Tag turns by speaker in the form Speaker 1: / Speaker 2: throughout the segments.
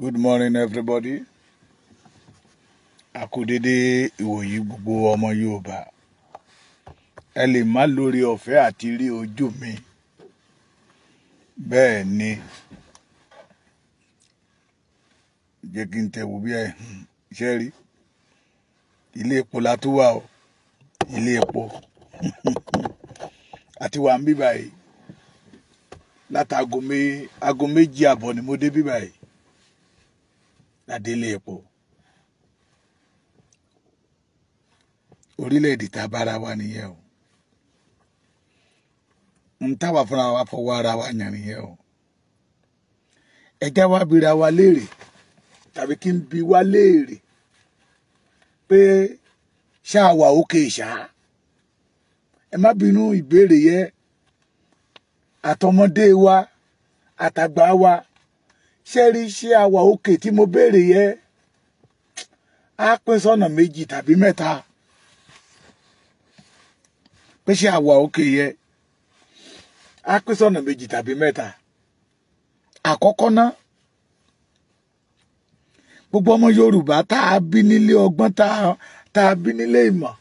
Speaker 1: good morning everybody a kú dédé ìwòyí gbogbo ọmọ yorùbá ẹ lè má lórí ọ̀fẹ́ àti rí ojú mi bẹ́ẹ̀ ni jẹ́ kí n tẹ̀wò bí ẹ ṣe rí ilé epo la tó wà o ilé epo àti wà ń bí báyìí látago méjì àbọ̀ ni mo dé bí báyìí ládélé epo orílẹ̀-èdè tá a bára wa nìyẹn o ń táwa fúnra wa fọwọ́ ara wa yàn nìyẹn o ẹ̀já wa bira wa léèrè tàbí kí n bi wa léèrè pé ṣáà wà òkè ṣáà ẹ má bínú ìbéèrè yẹn àtọmọdé wa àtàgbà wa ṣé rí iṣẹ́ àwà òkè tí mo béèrè yẹ á pín sọ́nà méjì tàbí mẹ́ta pé ṣé àwà òkè yẹ á pín sọ́nà méjì tàbí mẹ́ta àkọ́kọ́ ná gbogbo ọmọ Yorùbá tá a bí nílé ọgbọ́n tá a bí nílé ìmọ̀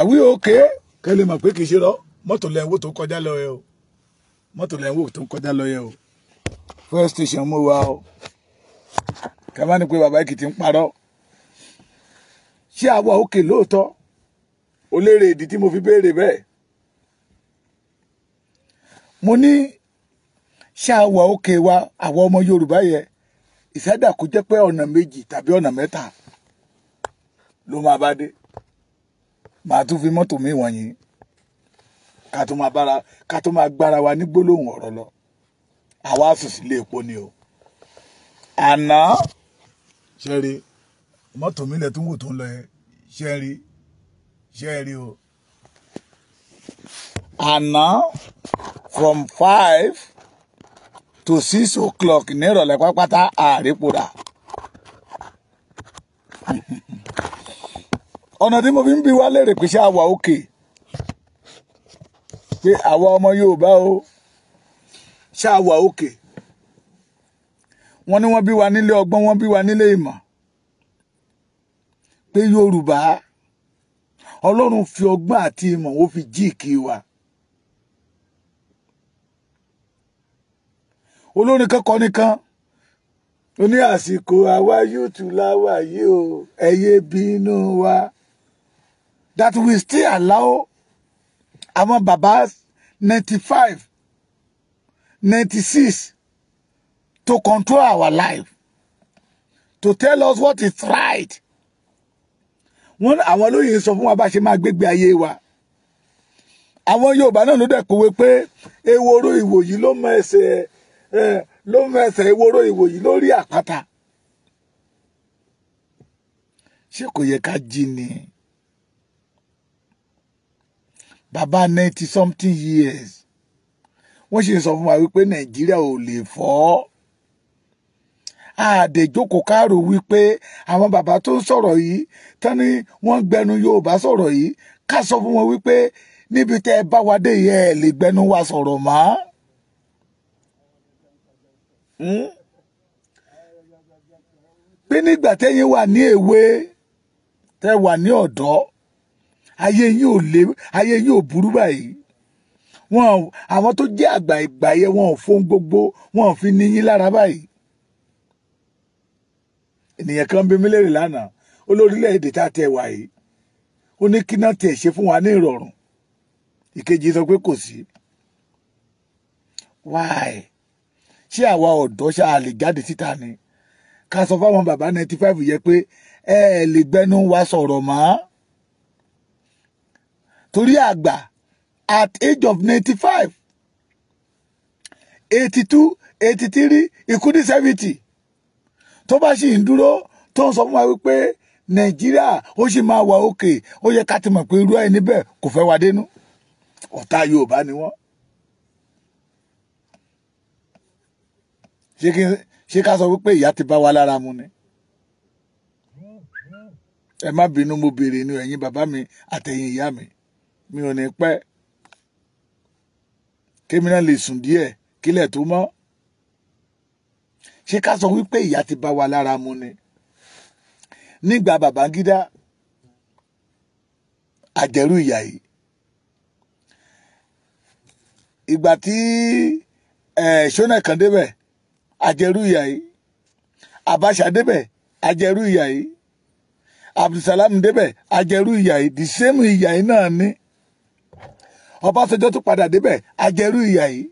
Speaker 1: àwí òkè kẹlẹ́ mọ̀ pé kì í ṣe rọ mọ́tò lẹ́wọ́ tó kọjá lọ o mọ́tò lẹ́wọ́ tó kọjá lọ o first station mo wà o ká má ní pé bàbá Èkìtì ń parọ́ ṣé àwa òkè lóòótọ́ ó léèrè ìdí mo fi béèrè bẹ́ẹ̀ mo ní ṣé àwa òkè wa àwa ọmọ Yorùbá yẹ ìsádà kò jẹ́ pé ọ̀nà méjì tàbí ọ̀nà mẹ́ta ló máa bá dé màá tún fi mọ́tò mi wọ̀nyí ká tó máa gbára wa ní gbólóhùn ọ̀rọ̀ lọ àwa fìfì lé epo ni o àná ṣẹ́rí mọ́tò mi lẹ̀ tó ń wò tó ń lọ yẹn ṣẹ́rí ṣẹ́rí o àná from five to six o'clock ní ìrọ̀lẹ́ pápátá àrípòdà ọ̀nà tí mo fi ń bi wá lérè pé ṣé àwa òkè pé àwa ọmọ Yorùbá o. Okay ṣáà wà òkè wọ́n ní wọ́n bí wa nílé ọgbọ́n wọ́n bí wa nílé ìmọ̀ pé Yorùbá Ọlọ́run fi ọgbọ́n àti ìmọ̀ ó fi jíìkì wa olórin kankan nìkan ó ní àsìkò àwa yóòtù láwà yìí o ẹyẹ bínú wa that we still allow àwọn baba ninety five 96 to control our life, to tell us what is right. Wọ́n àwọn olóyè sọ fún wa bá ṣe máa gbégbé ayé wa. Àwọn Yorùbá náà ló dẹ̀ kówé pé eworo ìwòyí ló mọ ẹsẹ̀ ló mọ ẹsẹ̀ eworo ìwòyí lórí àpáta. Ṣé kò yẹ ká jí ni? Bàbá ninety something years wọ́n ṣe ń sọ fún wa wípé nàìjíríà ò lè fọ́ àdèjókòó káàrò wípé àwọn bàbá tó ń sọ̀rọ̀ yìí tán ni wọ́n gbẹnu yorùbá sọ̀rọ̀ yìí ká sọ fún wọn wípé níbi tẹ́ ẹ bá wa dé yẹ ẹ lè gbẹnu wa sọ̀rọ̀ mọ́. Hmm? pé nígbà tẹ́yìn wà ní èwe tẹ́ wà ní ọ̀dọ́ ayé yín ò burú báyìí wọn àwọn tó jẹ́ àgbà ìgbà yẹn wọn ò fóun gbogbo wọn ò fi níyín lára báyìí ènìyàn kan bí mílíọ̀nù lánàá olórílẹ̀ tá a tẹ wà yìí ó ní kí náà tiẹ̀ ṣe fún wa ní ìrọ̀rùn ìkejì sọ pé kò sí wáì ṣé àwa ọ̀dọ́ ṣáà lè jáde síta ni ká sọ fáwọn bàbá ninety five yẹ pé ẹ lè gbẹnu wa sọ̀rọ̀ mọ́ torí àgbà at age of 95, 82, 83, including 70. Tó bá ṣì ń dúró tó ń sọ fún wa wípé Nàìjíríà ó ṣì máa wà òkè ó yẹ ká ti mọ̀ pé irú ẹ̀ níbẹ̀ kò fẹ́ wa dénú. Ọ̀tá Yorùbá ni wọ́n. Ṣé ká sọ wípé ìyà ti bá wa lára mu ni? Ẹ má bínú mo béèrè ni ẹ̀yin bàbá mi àtẹ̀yin ìyá mi mi ò ní pẹ́ kémi náà lè sùn díẹ̀ kílẹ̀ tó mọ́ ṣé ká sọ wípé ìyà ti bá wa lára mu ni nígbà Babangida àjẹrú ìyà yìí ìgbà tí ṣọ́nà kan débẹ̀ àjẹrú ìyà yìí Abacha débẹ̀ àjẹrú ìyà yìí Abdulsalam débẹ̀ àjẹrú ìyà yìí the same ìyà yìí náà ni. Ọbásanjọ́ tún padà débẹ̀ ajẹrú ìyà yìí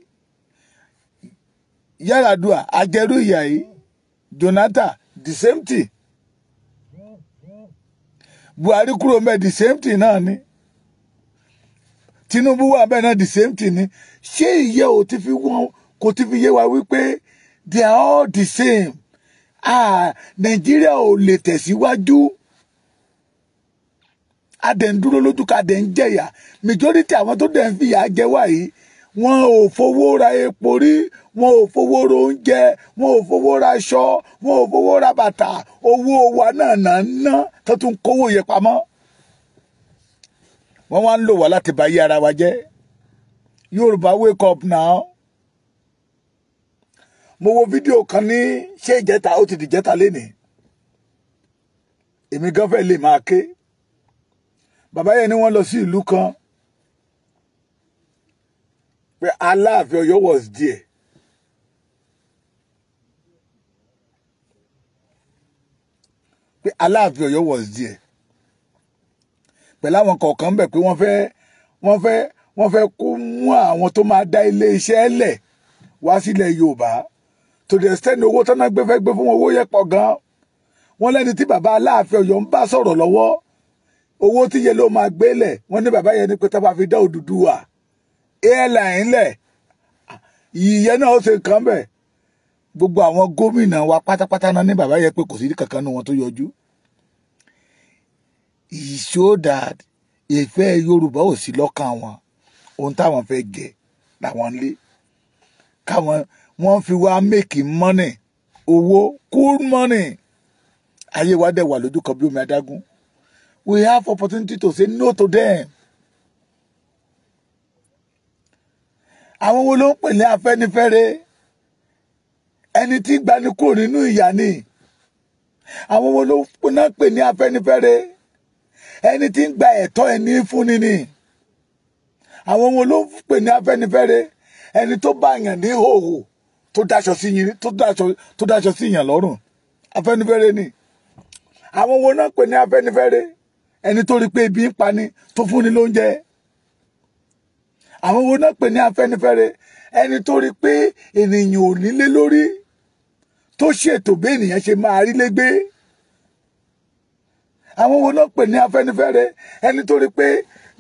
Speaker 1: Yar'Adua ajẹrú ìyà yìí Jonathan the same thing Buhari kúrò mbẹ̀ the same thing náà ni Tinubu wà mbẹ̀ náà the same thing ni ṣé ìyẹ́ ò ti fi wọ́n kò ti fi yé wa wípé they are all the same ah Nàìjíríà ò lè tẹ̀síwájú. Si a dẹ̀ ń dúró lójú ká dẹ̀ ń jẹ̀yà majority àwọn tó dẹ̀ ń fìyà jẹ wá yìí wọn ò fowó ra epo rí wọn ò fowó ra oúnjẹ wọn ò fowó ra aṣọ wọn ò fowó ra bàtà owó wa náà náà ná tó tún kówó yẹ pamọ́ wọ́n wá ń lò wá láti bá yí ara wa jẹ́ Yorùbá wake up now mo wo fídíò kan ní ṣé ìjẹta ó ti dìjẹta lénìí èmi gan fẹ́ lè máa ké bàbá yẹn ni wọ́n lọ sí ìlú kan pé aláàfin Ọ̀yọ́ was there pé aláàfin Ọ̀yọ́ was there pẹ̀lú àwọn kọ̀ọ̀kan bẹ̀ pé wọ́n fẹ́ wọ́n fẹ́ wọ́n fẹ́ kó mú àwọn tó máa dá ilé iṣẹ́ lẹ̀ wá sílẹ̀ Yorùbá to the extent owó tọ́nà gbẹ́fẹ́ gbé fún owó yẹpọ̀ gan-an wọ́n lẹ́ni tí bàbá aláàfin Ọ̀yọ́ ń bá sọ̀rọ̀ lọ́wọ́ owó tí yẹ ló máa gbélẹ̀ wọ́n ní bàbá yẹn ní pé tábà fi dá Odùduwà airline lẹ̀ ìyẹn náà ó ṣe nǹkan bẹ̀ gbogbo àwọn gómìnà wa pátápátá náà ní bàbá yẹn pé kò sí kankan nu wọn tó yọjú it show that ìfẹ́ Yorùbá ò sí lọ́kàn wọn ohun táwọn fẹ́ gẹ̀ làwọn lé káwọn wọ́n fi wá make money owó cool money ayé wa dẹ̀ wà lójú kan bí omi adágún we have opportunity to say no to them. àwọn wo ló ń pè ní afẹ́nifẹ́re ẹni tí gbani kúrò nínú ìyà ni àwọn wo ló ń pè ní afẹ́nifẹ́re ẹni tí ń gba ẹ̀tọ́ ẹni fúnni ni àwọn wo ló ń pè ní afẹ́nifẹ́re ẹni tó bá yàn ní hòhò tó daṣọ sí yín tó daṣọ tó daṣọ sí yàn lọ́rùn afẹ́nifẹ́re ni àwọn wo náà pè ní afẹ́nifẹ́re ẹni tó rí pé ibi ń pa ni tó fúnni lóúnjẹ àwọn owó náà pè ní Afẹ́nifẹ́re ẹni tó rí pé ènìyàn ò nílé lórí tó ṣètò bí ènìyàn ṣe máa rí légbé àwọn owó náà pè ní Afẹ́nifẹ́re ẹni tó rí pé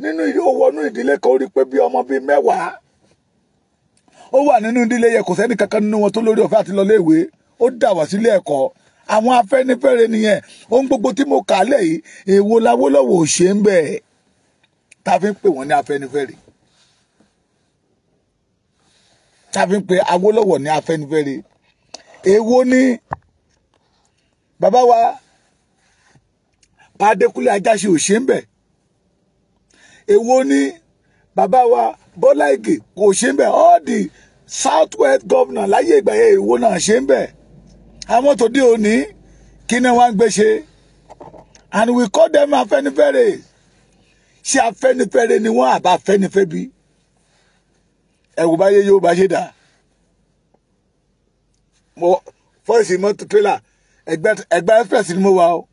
Speaker 1: nínú owó inú ìdílé kan ó rí pé bí ọmọ bíi mẹ́wàá ó wà nínú ìdílé yẹ kò sẹ́ni kankan nínú wọn tó lórí ọ̀fẹ́ àti lọ léèwé ó dà wá sílé ẹ̀kọ́ àwọn afẹ́nifẹ́re nìyẹn ohun gbogbo tí mo kà á lẹ̀ yìí èwo lawolowo ò ṣe ń bẹ̀ ta fi ń pè wọ́n ní afẹ́nifẹ́re ta fi ń pè awolowo ní afẹ́nifẹ́re èwo ni bàbá wa adékúnlé ajáṣe ò ṣe ń bẹ̀ èwo ni bàbá wa bọ́lá ìgè kò ṣe ń bẹ̀ all the south west governor láyé ìgbà yẹn èwo náà ṣe ń bẹ̀ àwọn tòde òní kí ni wọ́n ń gbé ṣe and we call them afẹ́nifẹ́re ṣé afẹ́nifẹ́re ni wọ́n àbá afẹ́nifẹ́bi ẹ̀wù bá yé yóò bá ṣe dà mo fọ́ọ̀sì mọ́tò tírélà ẹgbẹ́ ẹgbẹ́ express ni mo wà o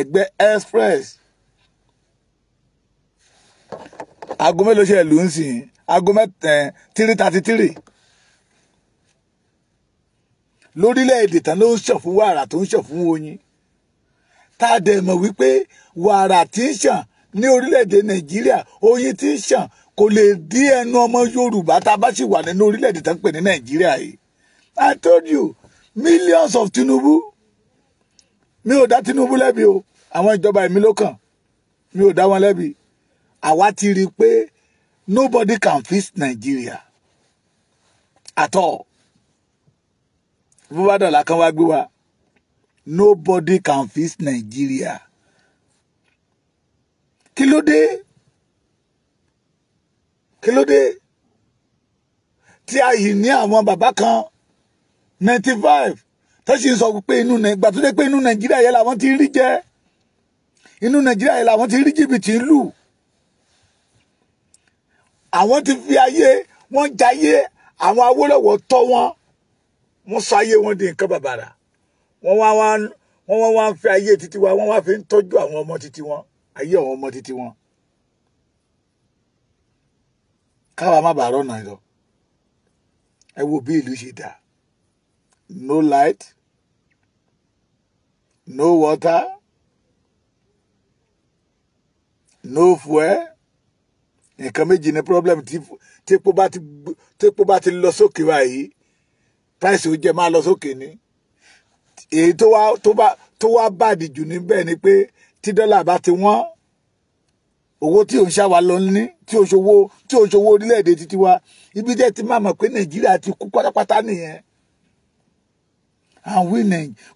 Speaker 1: ẹgbẹ́ express aago mélòó ṣe lù ú sìn aago mẹ́tẹ̀ẹ́ three thirty three lórílẹ̀‐èdè tán ló ń ṣàn fún wàrà tó ń ṣàn fún oyin tá a dẹ̀ mọ̀ wípé wàrà tí ń ṣàn ní orílẹ̀‐èdè nàìjíríà oyin tí ń ṣàn kò lè dí ẹnu ọmọ yorùbá tá a bá sì wà nínú orílẹ̀ tán pè ní nàìjíríà yìí i told you millions of tinubu mi ò dá tinubu lẹ́bi o àwọn ìjọba èmi ló kàn mi ò dá wọn lẹ́bi àwa ti rí i pé nobody can fix nigeria at all bó bá wá gbé wa nobody can fix Nigeria kí ló dé kí ló dé tí a yìí ní àwọn bàbá kan ninety five tó sì ń sọ pé inú ìgbà tó dé pé inú Nàìjíríà yẹn làwọn ti rí jẹ inú Nàìjíríà yẹn làwọn ti rí jìbìtì lù àwọn ti fi ayé wọn jayé àwọn Awólọ́wọ̀ tọ́ wọn wọ́n sọ ayé wọn di nǹkan bàbàrà wọ́n wá wá wọ́n wá wá ń fẹ́ ayé títí wa wọ́n wá fi ń tọ́jú àwọn ọmọ títí wọn ayé àwọn ọmọ títí wọn. káwa má bàa rọ́nà lọ ẹ wo bí ìlú ṣe dà no light no water no fuel nǹkan méjì ni problem tí tepo bá ti lọ sókè báyìí price ó jẹ máa lọ sókè ni èyí tó wá tó bá tó wá bàdì jù níbẹ̀ ni pe, tí dọ́là bá ti wọ́n owó tí ò ń ṣá wa lọ ní tí ò ṣòwò tí ò ṣòwò orílẹ̀-èdè títí wa ibi jẹ́ ti máa mọ̀ pé nàìjíríà ti kú pátápátá nìyẹn and we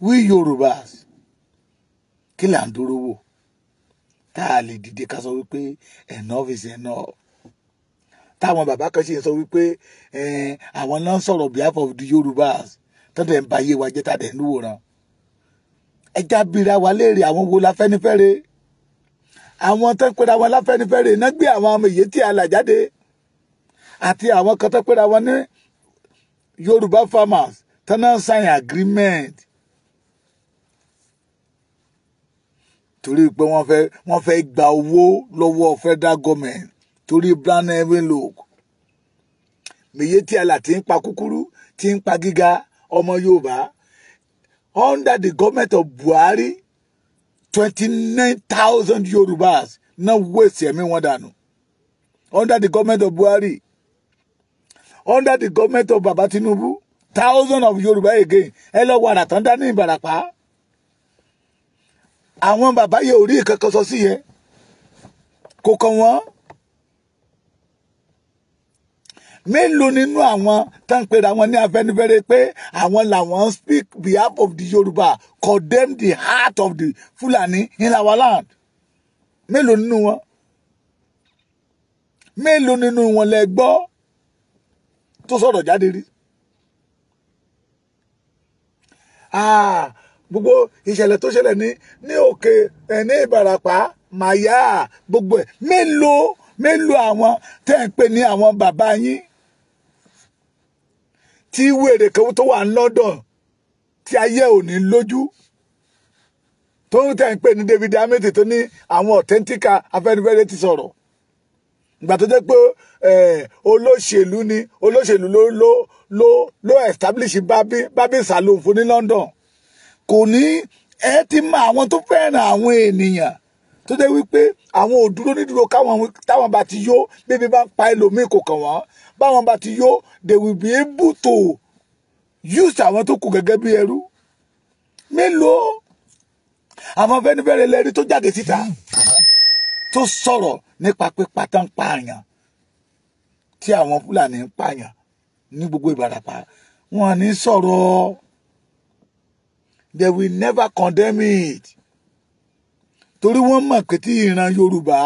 Speaker 1: we yorùbás kí là ń dúró wò tá a lè dìde enough is enough táwọn bàbá kan ṣe ń sọ wípé àwọn náà ń sọ̀rọ̀ behalf of the Yorubas tọ́tẹ̀ ń ba ayé wa jẹ́ tàdé ń wòran ẹja bira wa léèrè àwọn wo la fẹ́nifẹ́re àwọn tó ń pera wọn láfẹ́nifẹ́re iná gbé àwọn ọmọ èyí tí a là jáde àti àwọn kan tó ń pera wọn ní Yorùbá farmers tó sign agreement torí pé wọ́n fẹ́ wọ́n fẹ́ gba owó lọ́wọ́ federal government torí brown heaven look mèye tí àlà ti ń pa kúkúrú ti ń pa gíga ọmọ yorùbá under the government of buhari twenty nine thousand yorùbás náà waste ẹ̀mí wọn dànù under the government of buhari under the government of baba tinubu thousand of yorùbá again ẹ lọ wàrà tán dání ìbàràpá àwọn bàbá yẹ orí ìkẹkọsọ sí yẹ kò kàn wọn mélòó nínú àwọn tó ń pera wọn ní Afẹ́nifẹ́re pé àwọn làwọn speak behalf of the Yorùbá condemn the heart of the Fulani in our land mélòó nínú wọn mélòó nínú wọn lẹ gbọ́ tó sọ̀rọ̀ jáde rí ah, gbogbo ìṣẹ̀lẹ̀ tó ṣẹlẹ̀ ní ní òkè ẹ̀ ní Ìbàràpá màyà gbogbo ẹ̀ mélòó mélòó àwọn tẹ́ ń pè ní àwọn bàbá yín tí wèrè kan tó wà ní London tí ayé ò ní lójú tó ń tẹ̀ ń ní David Amity tó ní àwọn ọ̀tẹ́ntíkà Afẹ́nifẹ́re ti sọ̀rọ̀ ìgbà tó jẹ́ pé olóṣèlú ni olóṣèlú ló ló ló ló establish babi babi saloon fún ní London kò ní ẹ ti mọ àwọn tó fẹ́ràn àwọn ènìyàn tó jẹ́ wípé àwọn ò dúró nídúró káwọn táwọn bá ti yó bébí bá pa ẹlòmíì kò kàn wọ́n báwọn bá ti yó they will be able to use àwọn tó kù gẹ́gẹ́ bí ẹrú mélòó àwọn Fẹ́nifẹ́re lẹ́rí tó jáde síta tó sọ̀rọ̀ nípa pípa tán pààyàn tí àwọn Fúlàní ń pààyàn ní gbogbo Ìbàràpá wọn ní sọ̀rọ̀ they will never condemn it torí wọ́n mọ̀ pé tí ìran yorùbá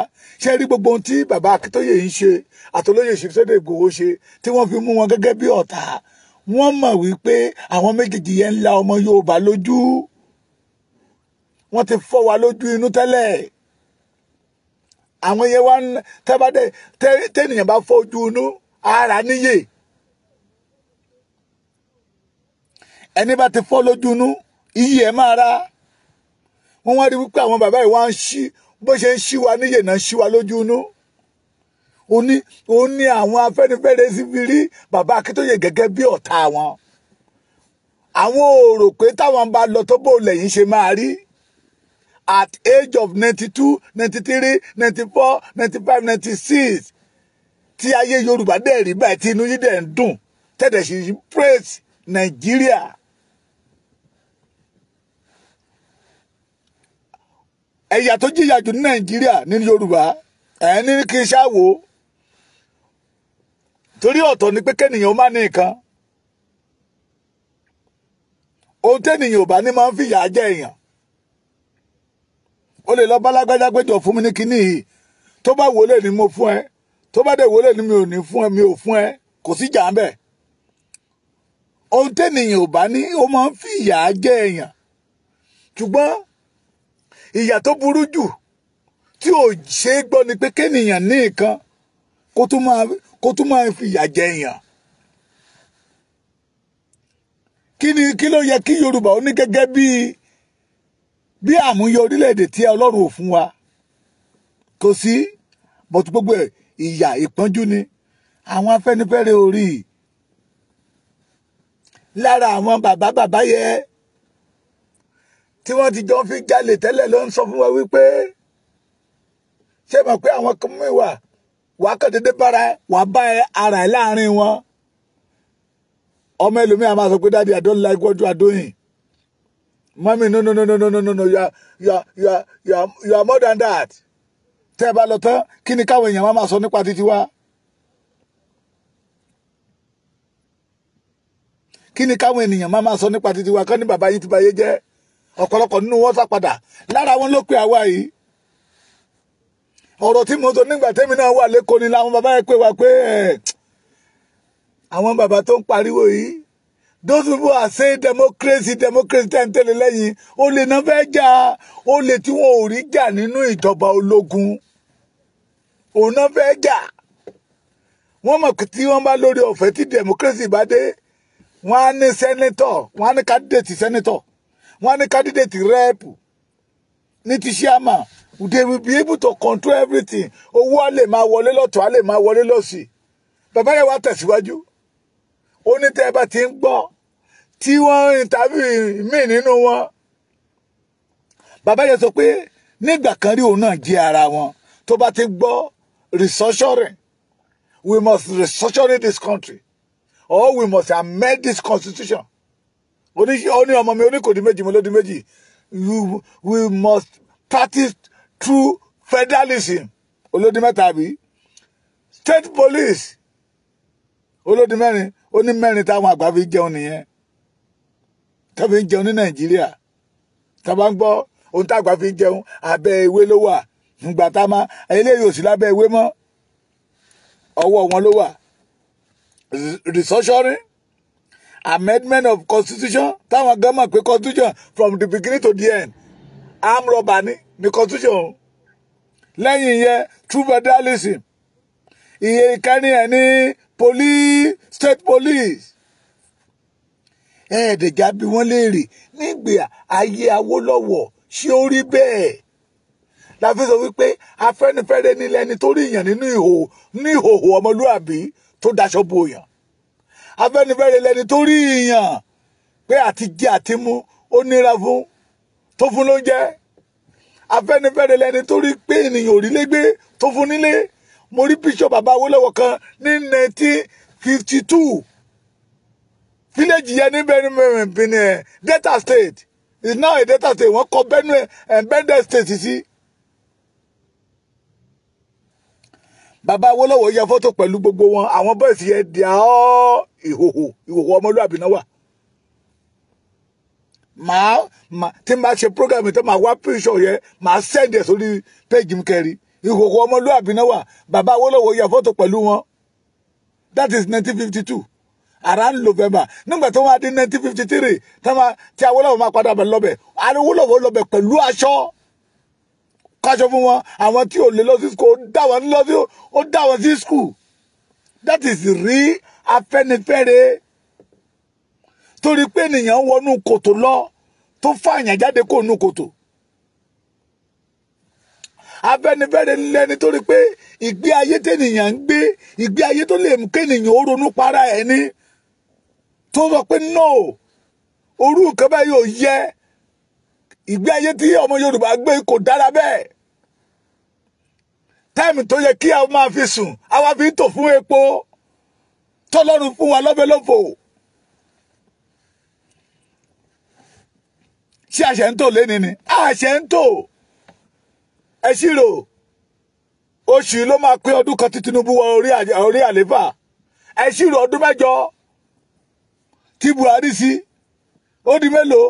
Speaker 1: ṣe rí gbogbo ohun tí bàbá akíntóyè yìí ṣe àtolóyè ṣèṣẹ́dẹ̀ ìgbòho ṣe tí wọ́n fi mú wọn gẹ́gẹ́ bí ọ̀tá wọ́n mọ̀ wípé àwọn méjèèjì yẹn ń la ọmọ yorùbá lójú wọ́n ti fọ́ wa lójú inú tẹ́lẹ̀ àwọn yẹn wá ń tẹ́bàdé tẹ́nìyàn bá fọ́ ojú inú ara níyè ẹni bá ti fọ́ lójú inú iyì ẹ̀ máa ra wọ́n wá rí wípé àwọn bàbá yìí wá ń ṣí bó ṣe ń ṣí wa níyè náà ṣí wa lójú inú ó ní àwọn afẹ́nifẹ́re sì rí bàbá akíntóye gẹ́gẹ́ bí ọ̀tá wọn àwọn ò rò pé táwọn bá lọ tó bó lẹ́yìn ṣe máa rí at age of ninety two ninety three ninety four ninety five ninety six tí ayé yorùbá dẹ̀ rí báyìí tí inú yìí dẹ̀ ń dùn tẹ̀dẹ̀ sì praise nàìjíríà. ẹ̀yà tó jìyà jù ní nàìjíríà ní yorùbá ẹ̀ ní kí n ṣáwo torí ọ̀tọ̀ ni pé kẹ́nìyàn má ní nǹkan ohun tẹ́nìyàn ò bá ní máa ń fìyà jẹ èèyàn o lè lọ bá péjọ fún mi ní kinní yìí tó bá wọlé ni mo fún ẹ tó bá dẹ̀ wọlé ni mi ò ní fún ẹ mi ò fún ẹ kò sí jà ń bẹ̀ ohun tẹ́nìyàn ò bá ní ó máa ń fìyà jẹ èèyàn ṣùgbọ́n ìyà tó burú jù tí ò ṣe é gbọ́ ni pé kéèyàn ní nǹkan kó tún máa kó tún máa fi ìyà jẹ èèyàn. kí ni kí ló yẹ kí Yorùbá ó ní gẹ́gẹ́ bí bí àmúyẹ orílẹ̀-èdè tí Ọlọ́run ò fún wa kò sí bọ́tú gbogbo ìyà ìpọ́njú ni àwọn Afẹ́nifẹ́re orí lára àwọn bàbá bàbá yẹn tí wọ́n ti jọ fi jalè tẹ́lẹ̀ ló ń sọ fún wa wípé ṣé mọ̀ pé àwọn kan mú ìwà wàá kàn déédéé bára wàá bá ara ẹ̀ láàrin wọn ọmọ ẹlòmíà máa sọ pé dáàdi àdó ńlá ikú àdóyìn mọ́mí no no no no no no no no you are you are you are you are you are more than that tẹ́ ẹ bá lọ tán kí ni káwọn èèyàn máa sọ nípa títí wa. kí ni káwọn ènìyàn máa sọ nípa títí wa kọ́ ni bàbá yín ti báyé jẹ́ ọ̀pọ̀lọpọ̀ nínú wọn sá padà lára wọn ló pe àwa yìí ọ̀rọ̀ tí mo sọ nígbà tẹ́mi náà wà lẹ́kọ̀ọ́ ni làwọn bàbá yẹn pè wá pé àwọn bàbá tó ń pariwo yìí those people are saying democracy democracy tẹ́ ń tẹ̀lé lẹ́yìn olè náà fẹ́ jà olè tí wọn ò rí jà nínú ìjọba ológun òun náà fẹ́ jà wọ́n mọ̀ tí wọ́n bá lórí ọ̀fẹ́ tí democracy bá dé wọ́n á ní sẹ́nẹ́tọ̀ wọ́n á ní kádìdẹ̀tì sẹ́nẹ́tọ̀ wọ́n á ní candidate rep ní ti chairman they will be able to control everything owó á lè máa wọlé lọ́tọ̀ á lè máa wọlé lọ́sì bàbá yẹn wá tẹ̀síwájú ó ní tẹ́ ẹ ti ń gbọ́ tí wọ́n interview míì nínú wọn bàbá yẹn sọ pé nígbà kan rí òun náà jẹ́ ara wọn tó bá ti gbọ́ restructuring we must restructure this country or we must amend this constitution mo ní ó ọmọ mi ó méjì mo ló méjì we must practice true federalism olódi mẹ́ta àbí state police olódi mẹ́rin ó ní mẹ́rin táwọn àgbà fi jẹun nìyẹn tó jẹun ní nàìjíríà tá ń gbọ́ ohun tágbà fi jẹun abẹ́ ewé ló wà nígbà tá máa eléyìí ò sí lábẹ́ ewé mọ́ ọwọ́ wọn ló wà restructuring amendment of constitution táwọn gan mọ̀ pé constitution from the beginning to the end arm rubber ni ni constitution o lẹ́yìn yẹn true federalism iye ìkẹ́ni ẹ̀ ní police state police ẹ̀ẹ́dẹ̀gá bí wọ́n léèrè nígbè ayé Awólọ́wọ̀ ṣé ó rí bẹ́ẹ̀ la fi sọ wípé Afẹ́nifẹ́re ni ẹni tó rí èèyàn nínú ìhòòhò ọmọlúàbí tó daṣọ bo èèyàn Afẹ́nifẹ́re lẹni tó rí ìyàn pé àti jẹ àti mu ó nira fún tó fún ló jẹ Afẹ́nifẹ́re lẹni tó rí pé ènìyàn òrílé gbé tó fún nílé mo rí píṣọ bàbá kan ní nineteen fifty two fílẹ̀jì yẹn ní Benue Delta State is now a Delta State wọ́n kọ Benue and eh, Benue State sí. Si bàbá Awólọ́wọ̀ ya fọ́tò pẹ̀lú gbogbo wọn àwọn bọ́ọ̀sì yẹn di àọ́ ìhòhò ìhòhò ọmọlúàbí náà wà màá tí n bá ṣe program tó máa wá píṣọ yẹn màá sẹ́ndì ẹ̀ sórí péjì mi kẹrin ìhòhò ọmọlúàbí náà wà bàbá Awólọ́wọ̀ ya fọ́tò pẹ̀lú wọn that is nineteen fifty two around November nígbà tó wá di nineteen fifty three tí Awólọ́wọ̀ máa padà bẹ̀ lọ́bẹ̀ Awólọ́wọ̀ lọ́bẹ̀ pẹ̀lú aṣọ káṣọ fún wọn àwọn tí ò lè lọ sí school ó dá wọn lọ sí ó dá wọn sí school that is rí Afẹ́nifẹ́re torí pé ènìyàn wọnú kòtò lọ tó fààyàn jáde kó nu kòtò Afẹ́nifẹ́re lẹni torí pé ìgbé ayé tẹnìyàn ń gbé ìgbé ayé tó lè mú kéènìyàn ó ronú para ẹ̀ tó sọ pé no orú nǹkan báyìí ò yẹ ìgbé ayé tí ọmọ Yorùbá gbé kò dára bẹ́ẹ̀ táìmù tó yẹ kí a máa fi sùn àwa fi ń tò fún epo tọ́lọ́run fún wa lọ́fẹ́lọ́fọ̀ ṣé àṣẹ ń tò lẹ́ni ni àṣẹ ń tò ẹ ṣírò oṣù ló máa pé ọdún kan tí Tinubu wọ orí àlééfà ẹ ṣírò ọdún mẹ́jọ tí Buhari sí ó di mélòó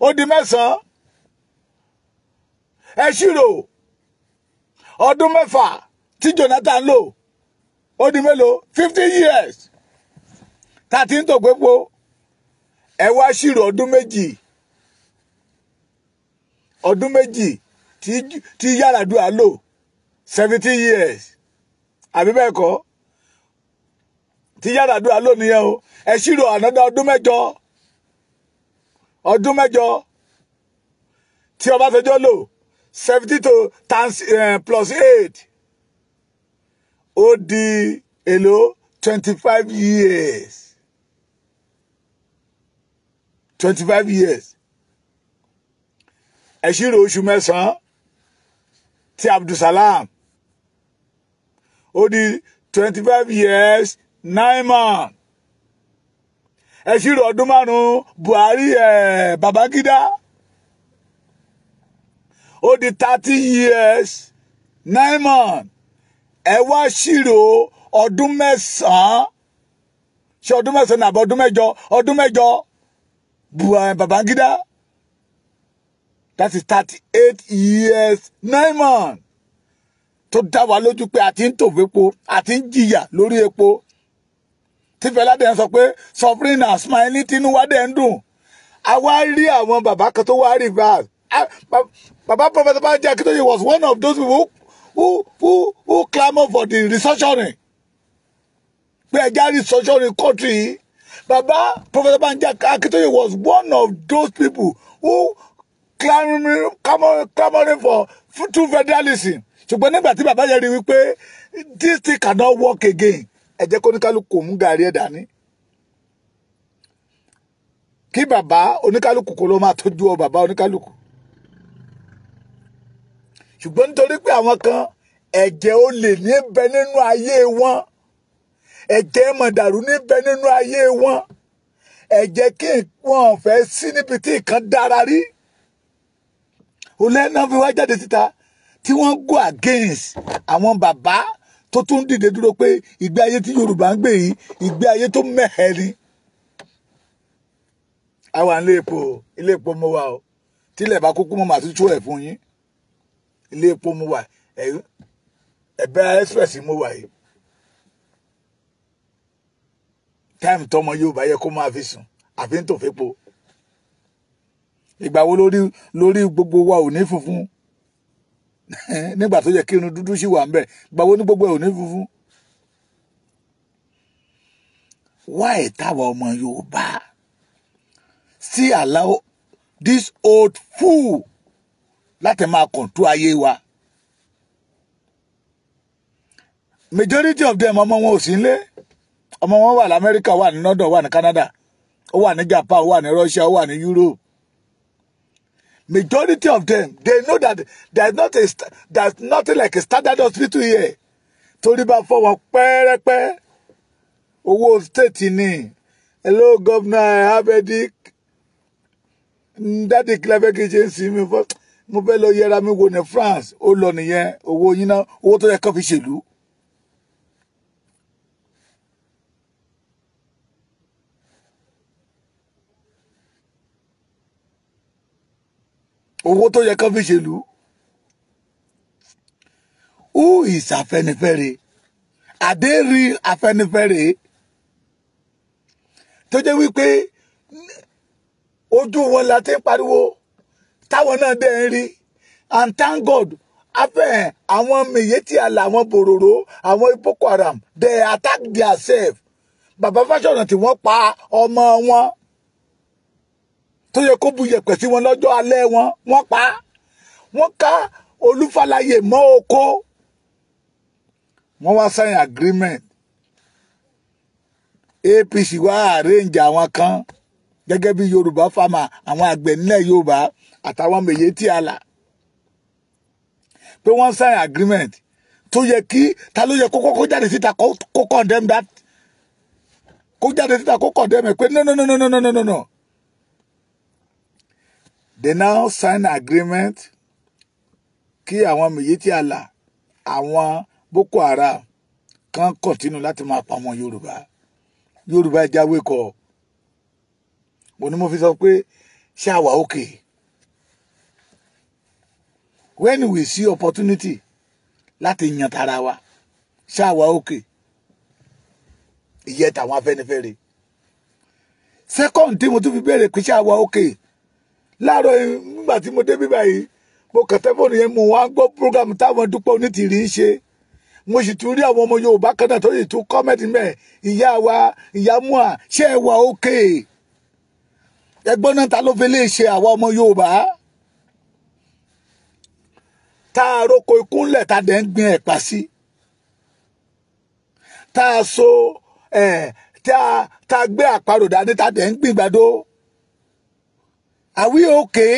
Speaker 1: ó di mẹ́sàn-án ẹ ṣírò ọdún mẹ́fà tí Jonathan lò ó di mélòó fifty years tàti ń tògbépo ẹ wá ṣírò ọdún méjì ọdún méjì tí Yar'Adua lò seventy years àbí bẹ́ẹ̀ kọ́ tí Yar'Adua lò nìyẹn o ẹ ṣírò ànádá ọdún mẹ́jọ ọdún mẹ́jọ tí Ọbásanjọ́ lò seventy to times uh, plus eight ó di èlò twenty five years twenty five years ẹ̀ṣirò oṣù mẹ́sàn-án ti Abdulsalam ó di twenty five years nine months ẹ̀ṣirò ọdún márùn-ún Buhari ẹ̀ eh, Babangida ó di thirty years nine months ẹ wá ṣírò ọdún mẹ́sàn-án ṣe ọdún mẹ́sàn-án àbọ̀ ọdún mẹ́jọ ọdún mẹ́jọ Babangida that is thirty eight years nine months tó dá wa lójú pé àti ń tòfepo àti ń jìyà lórí epo tí fẹládẹ ń sọ pé suffering and smiling tinú wa dẹ̀ ń dùn a wá rí àwọn bàbá kan tó wá rí báàgì Baba Professor Banji Akintoye was one of those people who who who clamor for the restructuring. Pé ẹja restructuring country yìí. Baba Professor Banji Akintoye was one of those people who clamoring clamoring for true federalism. Ṣùgbọ́n nígbà tí bàbá yẹn rí wípé this thing cannot work again. Ẹ jẹ́ kó ní mú gàrí ẹ̀ dání kí bàbá oníkálukú kó ló máa tọ́jú ọ bàbá oníkálukú ṣùgbọ́n nítorí pé àwọn kan ẹ̀jẹ̀ olè níbẹ̀ nínú ayé wọn ẹ̀jẹ̀ mọ̀dàrú níbẹ̀ nínú ayé wọn ẹ̀jẹ̀ kí wọn fẹ́ sí níbi tí nǹkan dára rí olè náà fi wá jáde síta tí wọ́n go against àwọn bàbá tó tún dìde dúró pé ìgbé ayé tí Yorùbá ń gbé yìí ìgbé ayé tó mẹ́hẹ̀ ni àwa ilé epo ilé epo mo wà o tílẹ̀ bá kúkú mo mà tún tú ẹ̀ fún yín ilé epo mo wà ẹ̀bẹ́ express mo wà yìí táìmù tọmọ yóò bá yẹ kó máa fi sùn àfi ń tòfé po ìgbà wo lórí lórí gbogbo wa ò ní funfun nígbà tó yẹ kí irun dúdú sì wà ń bẹ ìgbà wo ní gbogbo ẹ ò ní funfun why táwa ọmọ Yorùbá still allow this old fool láti máa kọ̀ǹtú ayé wa majority of them ọmọ wọn ò sí nílé ọmọ wọn wà lamẹ́ríkà wà ní London wà ní Canada ó wà ní Japan ó wà ní Russia ó wà ní Europe majority of them they know that there is not a there is nothing like a standard hospital here torí bá fọ wọn pẹ́ẹ́rẹ́pẹ́ owó state ni hello governor abedi dadi kílẹ̀ fẹ́ kí n ṣe ń sinmi fọ́tò mo fẹ́ lọ yẹra mi wò ní France ó lọ nìyẹn owó yín náà owó tó yẹ kán fi ṣèlú. owó tó yẹ kán fi ṣèlú. who is Afẹ́nifẹ́re are they real Afẹ́nifẹ́re tó jẹ́ wípé ojú wọn la ti ń pariwo táwọn náà dẹ̀ ń rí and thank God afẹ́ àwọn mèyétí àlà àwọn bòròró àwọn Boko Haram they attack themselves bàbá Fáṣọ̀nà tí wọ́n pa ọmọ wọn tó yẹ kó bu yẹ̀pẹ̀ sí wọn lọ́jọ́ alẹ́ wọn wọ́n pa wọ́n ká Olúfaláyè mọ́ oko wọ́n wá sign agreement APC wá arrange àwọn kan gẹ́gẹ́ bí Yorùbá farmer àwọn àgbẹ̀ nílẹ̀ Yorùbá àtàwọn mèye tí a là pé wọ́n sign agreement tó yẹ kí ta ló yẹ kó kọ́kọ́ jáde síta kó condemn that kó jáde síta kó condemn ẹ̀ pé no no no no no no no no they now sign agreement kí àwọn mèye tí a là àwọn Boko Haram kan continue láti máa pa ọmọ Yorùbá Yorùbá jáwé kọ òní mo fi sọ pé ṣáà wà ókè. Okay when we see opportunity láti yan tara wa ṣáàwá òkè ìyẹn tàwọn afẹ́nifẹ́re second tí mo tún fi béèrè pé ṣáàwá òkè láàárọ̀ nígbà tí mo dé bí báyìí mo kàn tẹfóònù yẹn mo wá gbọ́ program táwọn Dúpẹ́ Onítìrí ń ṣe mo sì tún rí àwọn ọmọ Yorùbá kan náà tó lè tún kọ́mẹ́tì mẹ́ ìyá wa ìyá mua ṣé ẹ wà òkè ẹgbọ́n náà ta ló fi lè ṣe àwa ọmọ Yorùbá tá a roko ikú ńlẹ̀ tá a dẹ̀ ń gbin ẹ̀pà sí tá a so ẹ̀ tá a tá a gbé àparò dání tá a dẹ̀ ń gbin gbàdo àwí òkè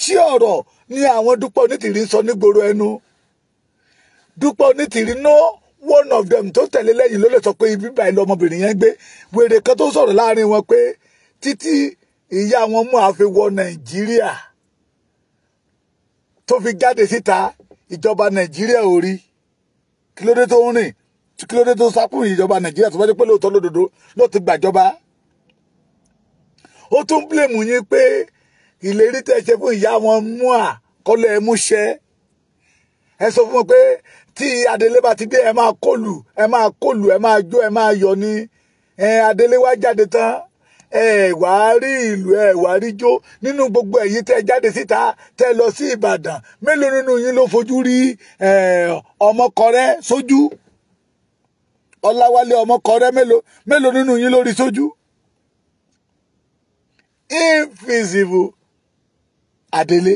Speaker 1: tí ọ̀rọ̀ ni àwọn Dúpẹ́ Onítìrí ń sọ nígboro ẹnu Dúpẹ́ Onítìrí no one of them tó tẹ̀lé lẹ́yìn ló lè sọ pé ibi báyìí lọmọbìnrin yẹn gbé wèrè kan tó sọ̀rọ̀ láàrin wọn pé títí ìyá wọn mú àfi wọ Nàìjíríà tó fi jáde síta ìjọba nàìjíríà ò rí kí ló dé tó ń rìn kí ló dé tó ń sákùnrin ìjọba nàìjíríà tó bá dé pé lóòótọ́ lódodo ló ti gbàjọba ó tún blèmù yín pé ìlérí tẹ́ ṣe fún ìyá wọn mú à kọ́lẹ̀ ẹ mú ṣẹ ẹ sọ fún wọn pé tí adelé bá ti dé ẹ máa kọlù ẹ máa kọlù ẹ máa jó ẹ máa yọ ni ẹ wá jáde tán ẹ wà á rí ìlú ẹ wà á rí jó nínú gbogbo èyí tẹ jáde síta tẹ lọ sí Ìbàdàn mélòó nínú yín ló fojú rí ọmọkọrẹ sójú Ọláwálé ọmọkọrẹ mélòó nínú yín ló rí sójú invisible Adélé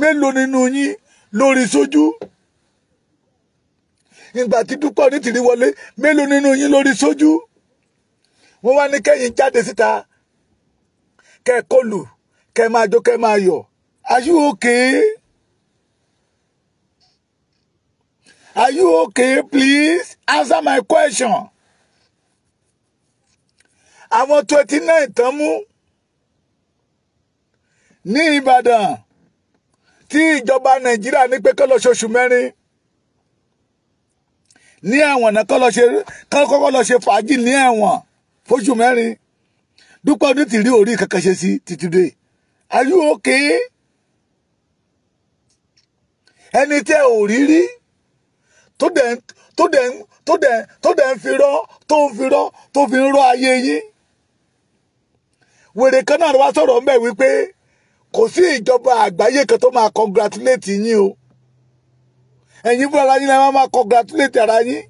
Speaker 1: mélòó nínú yín ló rí sójú ìgbà tí dúpọ̀ ní tìrí wọlé mélòó nínú yín lórí sójú wọ́n wá ní kẹ́yìn jáde síta kẹ́ ẹ kọlù kẹ́ ẹ máa jó kẹ́ ẹ máa yọ̀ are you okay? are you okay please answer my question àwọn twenty nine tán mú ní Ìbàdàn tí ìjọba Nàìjíríà ní pé kọ́ lọ mẹ́rin ní ẹ̀wọ̀n náà kọ́ lọ ṣe kọ́kọ́ lọ ṣe fàájì ní ẹ̀wọ̀n fóṣù mẹ́rin Dúpẹ́ Onítìrí orí kankan ṣe sí títí dé are you okay ẹni tẹ́ ò rí rí tó dẹ̀ tó dẹ̀ tó dẹ̀ tó dẹ̀ ń fi rọ́ tó ń fi rọ́ tó fi ń rọ́ ayé yín wèrè kan náà wá sọ̀rọ̀ ń bẹ̀ wípé kò sí ìjọba àgbáyé kan tó máa congratulate yín o ẹ̀yin fúnra yín náà máa congratulate ara yín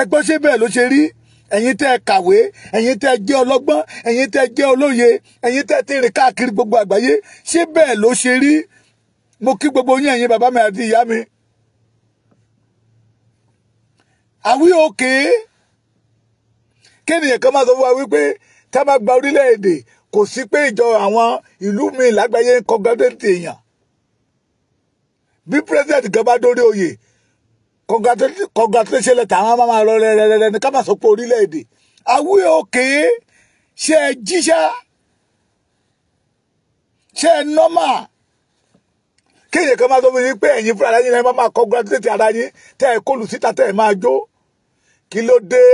Speaker 1: ẹgbẹ́ ṣé bẹ́ẹ̀ ló ṣe rí ẹ̀yin tẹ́ ẹ kàwé ẹ̀yin tẹ́ ẹ jẹ́ ọlọ́gbọ́n ẹ̀yin tẹ́ ẹ jẹ́ olóye ẹ̀yin tẹ́ ẹ ti rìn káàkiri gbogbo àgbáyé ṣé bẹ́ẹ̀ ló ṣe rí mo kí gbogbo yín ẹ̀yin bàbá mi àti ìyá mi. àwí òkè kéèyàn kan máa sọ fún wa wípé tá a máa gba orílẹ̀-èdè kò sí pé ìjọ àwọn ìlú mi lágbàáyé ń kọ́ gbádùn èèyàn bí president gan bá dórí oyè congratulation letter àwọn máa lọ rẹrẹrẹrẹ ní ká máa sọ pé orílẹ̀-èdè awé òkè ṣe é jíṣá ṣe é nọ́mà ni kan máa sọ fún yín pé ẹ̀yin fúnra yín ẹ máa congratulate ara yín tẹ́ ẹ kólu síta tẹ́ ẹ máa jó kí ló dé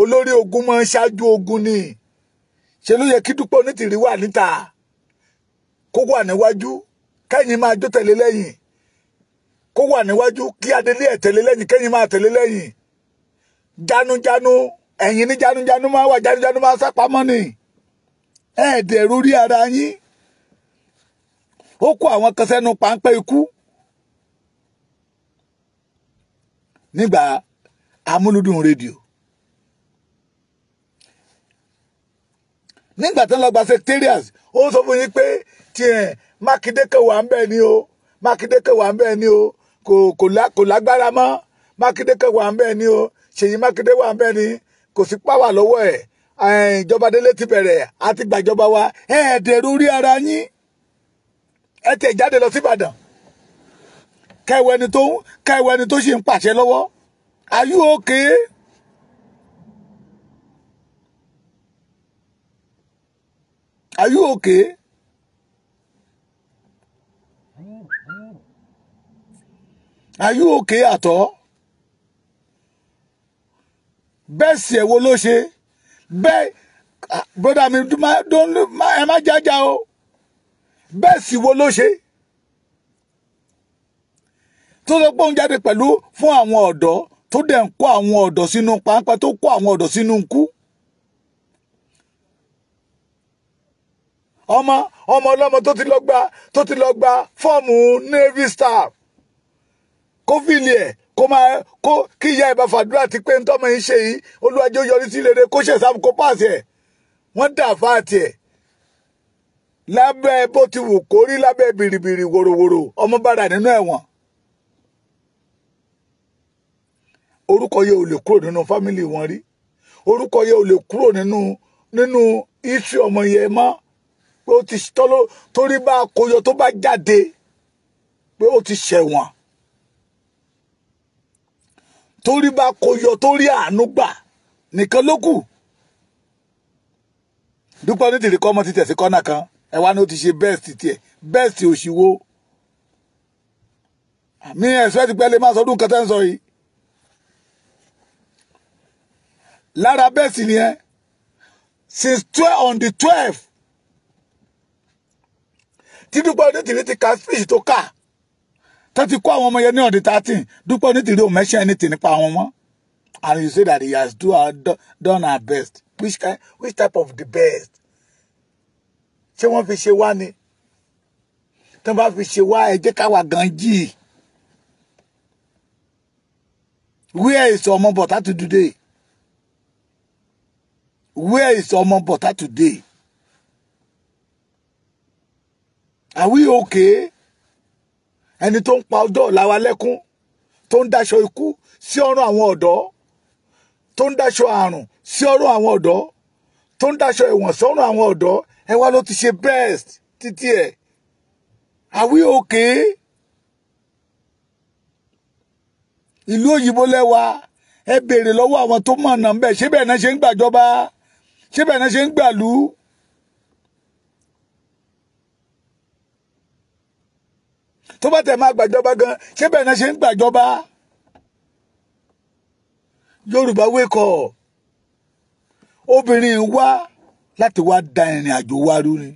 Speaker 1: olórí ogun máa ń ṣáájú ogun ni ṣe ló yẹ kí Dúpẹ́ Onítìrí wà níta kó wà níwájú kẹ́yìn máa jó tẹ̀lé lẹ́yìn kó wà níwájú kí adelé ẹ̀ tẹ̀lé lẹ́yìn kẹ́yìn máa tẹ̀lé lẹ́yìn jánujánu ẹ̀yìn ní jánujánu máa wà jánujánu máa sápamọ́ ni ẹ̀ dẹ̀rú rí ara yín ó kó àwọn kan sẹ́nu páńpẹ́ ikú nígbà amúlùdùn rédíò nígbà tí wọ́n lọ gba secretariat ó sọ fún yín pé tiẹ̀ mákindé kan ń bẹ̀ ni o mákindé kan wà ń bẹ̀ ni o kò kò lá kò lágbára mọ́ mákindé kan wà ń bẹ́ẹ̀ ni o ṣèyí mákindé wà ń bẹ́ẹ̀ ni kò sí páwà lọ́wọ́ ẹ̀ ìjọba délé ti bẹ̀rẹ̀ àti gbàjọba wa ẹ̀ dẹ̀rù rí ara yín ẹ tẹ̀ jáde lọ síbàdàn kẹwẹ́ ni tó kẹwẹ́ ni tó ṣe ń pàṣẹ lọ́wọ́ are you okay? are you okay? Are you okay at all? Bẹ́ẹ̀sì ẹ̀ wo ló ṣe? Bẹ́ẹ̀ broda mi ẹ má jájá o. Bẹ́ẹ̀sì wo ló ṣe? Tó sọ pé òun jáde pẹ̀lú fún àwọn ọ̀dọ́ tó dẹ̀ ń kó àwọn ọ̀dọ́ sínú páńpẹ́ tó kó àwọn ọ̀dọ́ sínú nkú. Ọmọ ọmọ ọlọ́mọ tó ti lọ gba tó ti lọ gba fọ́ọ̀mù Navy staff kó fìlì ẹ̀ kó máa kó kí ìyá ìbá fàdúrà ti pé ntọ́mọ yìí ṣe yìí olúwàjò yọrí sí rere kó ṣe sáàmù kó pàṣẹ ẹ̀ wọ́n dà fáàtì ẹ̀ lábẹ́ bó ti wù kó rí lábẹ́ bìrìbìrì wòròwòrò ọmọ bàrà nínú ẹ̀wọ̀n orúkọ yẹ ò lè kúrò nínú fámìlì wọn rí orúkọ yẹ ò lè kúrò nínú nínú ìfì ọmọ yẹn mọ́ pé ó ti tọ́lọ́ torí bá a kóyọ tó bá jáde pé ó ti ṣẹ̀wọ̀n torí bá koyọ torí àánú gbà nìkan ló kù dúpẹ́ onídìrí kọ́ ọmọ ti tẹ̀sí kọ́nà kan ẹ wá ní ó ti ṣe best tiẹ̀ best òṣìwò mi ẹ̀sọ́ ti pẹ́ lè máa sọdún kẹtẹ́ ń sọ yìí lára best nìyẹn since twelve on the twelve tí dúpẹ́ onídìrí ti ka speech tó kà tó ti kó àwọn ọmọ yẹn ní ọ̀dí thirteen Dúpẹ́ Onítìrí ò mention anything nípa àwọn ọmọ and you say that he has do uh, our, done our best which kind which type of the best ṣé wọ́n fi ṣe wá ni tó bá fi ṣe wá ẹ káwa gan jì where is ọmọ bọ̀tá to today where is ọmọ bọ̀tá today are we okay ẹni tó ń pa ọjọ́ ọ̀la wa lẹ́kún tó ń daṣọ ikú sí ọrùn àwọn ọ̀dọ́ tó ń daṣọ àrùn sí ọrùn àwọn ọ̀dọ́ tó ń daṣọ ìwọ̀n sọ́rùn àwọn ọ̀dọ́ ẹ wá ló ti ṣe best títí ẹ̀ àwí òkè ìlú òyìnbó lẹ́wà ẹ béèrè lọ́wọ́ àwọn tó mọ̀nà ń bẹ̀ ṣé bẹ́ẹ̀ náà ṣe ń gbàjọba ṣé bẹ́ẹ̀ náà ṣe ń gbàlú tó bá tẹ̀ máa gbàjọba gan ṣé bẹ́ẹ̀ náà ṣe ń gbàjọba yorùbá wékọ̀ obìnrin wá láti wá da ìrìn àjò wa rú ni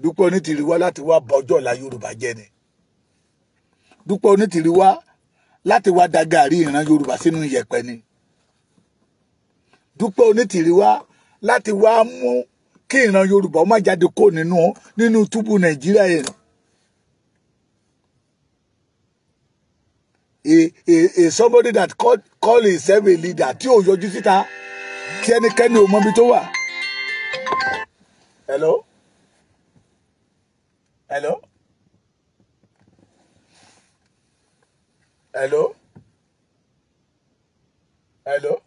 Speaker 1: dúpẹ́ onítìrí wá láti wá bà ọjọ́ yorùbá jẹ́ ni dúpẹ́ onítìrí wá láti wá da gàrí ìran yorùbá sínú yẹ̀pẹ̀ ni dúpẹ́ onítìrí wá láti wá mú kí ìran yorùbá má jáde kó nínú nínú túbú nàìjíríà yẹn a, a, a somebody that call, call himself a leader tí ò yọjú síta tí ẹnikẹ́ni ò mọbi tó wà. hello hello hello hello